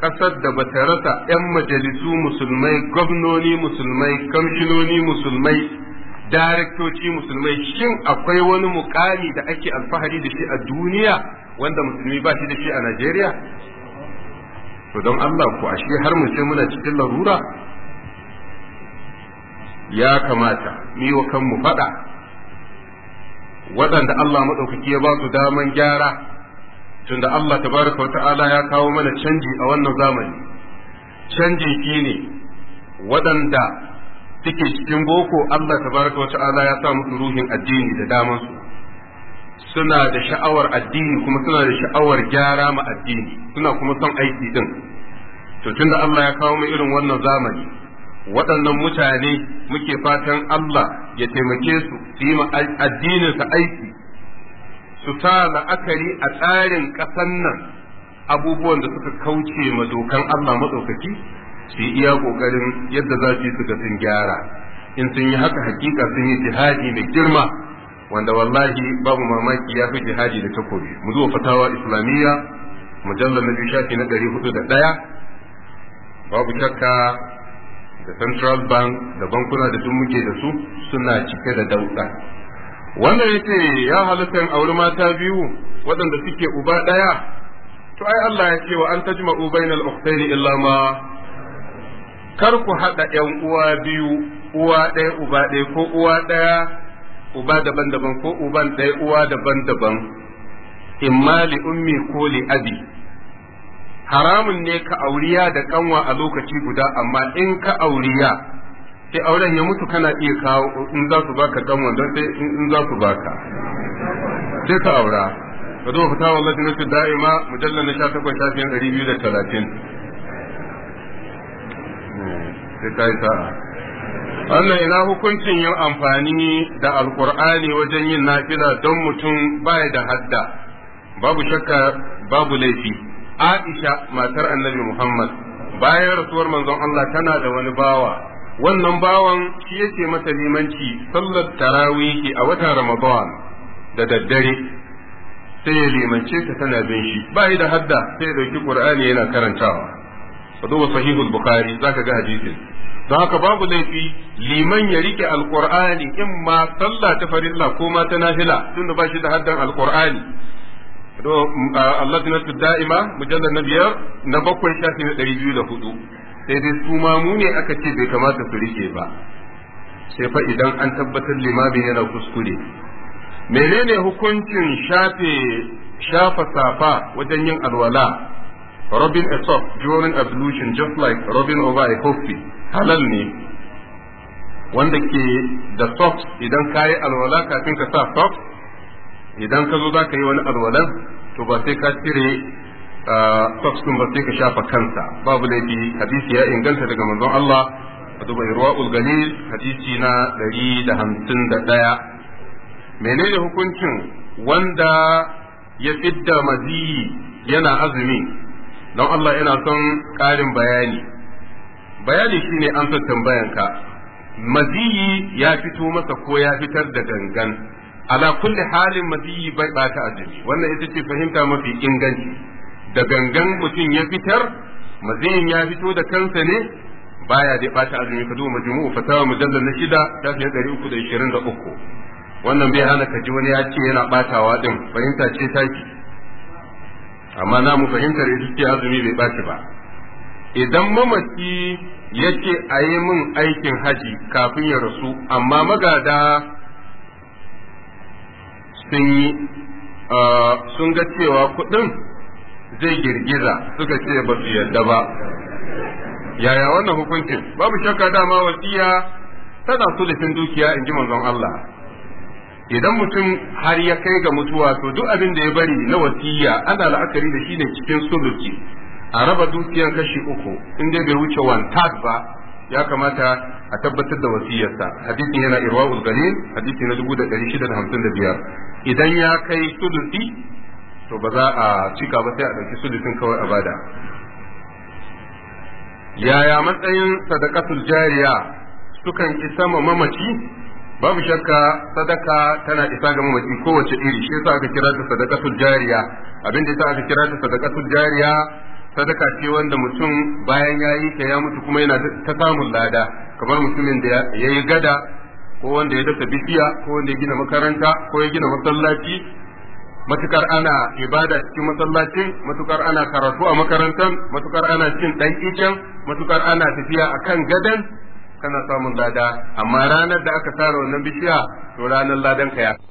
ƙasar da ba ta rasa 'yan majalisu musulmai gwamnoni musulmai kamshinoni musulmai daraktoci musulmai shin akwai wani mukami da ake alfahari da shi a duniya wanda musulmi ba shi da shi a Najeriya? To don Allah ku ashe har mu ce muna cikin larura? Ya kamata mi wa kanmu faɗa waɗanda Allah maɗaukaki ya ba su daman gyara tunda Allah tabaraka wa ta'ala ya kawo mana canji a wannan zamani. Canji shine waɗanda suke cikin boko Allah tabaraka wata'ala ya sa musu ruhin addini da daman su suna da sha'awar addini kuma suna da sha'awar gyara ma addini suna kuma son aiki din to tunda Allah ya kawo mu irin wannan zamani waɗannan mutane muke fatan Allah ya taimake su su yi addinin su aiki su sa la'akari a tsarin ƙasan nan abubuwan da suka kauce ma dokan Allah matsaukaki su yi iya kokarin yadda za su yi su sun gyara in sun yi haka hakika sun yi jihadi mai girma wanda wallahi babu mamaki ya fi jihadi da takobi mu zuwa fatawa islamiyya mujallar na biyu shafi na ɗari hudu da ɗaya babu shakka da central bank da bankuna da duk muke da su suna cike da dauɗa wannan ce ya halittar auri mata biyu waɗanda suke uba ɗaya to ai Allah ya ce wa an tajma'u bainal ukhtaini illa ma kar ku haɗa ‘yan uwa biyu, uwa ɗaya uba ɗaya ko uwa ɗaya uba daban-daban ko uban ɗaya uwa daban-daban, imma li ummi ko li abi. Haramun ne ka auriya da kanwa a lokaci guda, amma in ka auriya, sai auren ya mutu kana iya kawo in za su baka kanwa don sai in za su baka. Sai ka aura. Ka zo fita wa Lajinatu Da'ima, mujallar na sha takwas shafin ɗari biyu da talatin. sai kai sa'a wannan ina hukuncin yin amfani da alkur'ani wajen yin nafila don mutum baya da hadda babu shakka babu laifi aisha matar annabi muhammad bayan rasuwar manzon allah tana da wani bawa wannan bawan shi yake mata limanci sallar tarawihi a watan ramadan da daddare sai ya limance ta tana bin shi bai da hadda sai ya dauki qur'ani yana karantawa ka duba sahihul bukhari zaka ga hadisin don haka babu laifi liman ya rike alqur'ani in ma sallah ta farilla ko ma ta nafila tunda ba shi da haddan alqur'ani Allah na da'ima mujallar na biyar na bakwai shafi na ɗari biyu da hudu sai dai su mu ne aka ce bai kamata su rike ba sai fa idan an tabbatar limamin yana kuskure menene hukuncin shafe shafa safa wajen yin alwala rubbing a sock during ablution just like rubbing over a coffee halal ne wanda ke da soft idan ka yi alwala kafin ka sa soft idan ka zo za ka yi wani alwalan to ba sai ka cire ah, soft ba sai ka shafa kansa babu laifi hadisi ya inganta daga manzon Allah a duba irwa'ul hadisi na 151 menene hukuncin wanda ya fidda maziyi yana azumi don Allah ina son ƙarin bayani bayani shi ne an san tambayanka maziyi ya fito masa ko ya fitar da gangan ala kulli halin maziyi bai bata azumi wannan ita ce fahimta mafi inganci da gangan mutum ya fitar maziyin ya fito da kansa ne baya da bata azumi ka duba majmu fatawa mujallal na shida ta da uku ishirin da uku. wannan bai hana ka ji wani ya ce yana batawa din fahimta ce taki amma na mu fahimtar ita ce azumi bai ɓaci ba idan mamaci ya ce a yi min aikin haji kafin ya rasu amma magada sun ga cewa kuɗin zai girgiza suka ce ba su yarda ba yaya wannan hukuncin babu shakka dama wasiya tana so da dukiya in ji manzon Allah idan mutum har ya kai ga mutuwa to duk abin da ya bari na wasiya ana la'akari da shi ne cikin suluki a raba dukiyar kashi uku in dai bai wuce wanta ba ya kamata a tabbatar da wasiyarsa hadisin yana irwa ulgani hadisi na dubu da da da ɗari shida hamsin biyar. idan ya kai suluki to ba za a cika ba sai a ɗauki sulukin kawai a bada yaya matsayin sadakatul jariya sukan isa ma mamaci babu shakka sadaka tana isa ga mamaci kowace iri shi yasa aka kira ta sadakatul jariya abin da yasa aka kira ta sadakatul jariya sadaka ce wanda mutum bayan ya yi ta ya mutu kuma yana ta samun lada kamar mutumin da ya yi gada ko wanda ya dasa bishiya ko wanda ya gina makaranta ko ya gina masallaci matukar ana ibada cikin masallacin matukar ana karatu a makarantar matukar ana cin dan kicin matukar ana tafiya akan gadan kana samun lada amma ranar da aka sare wannan bishiya to ranar ladan ka ya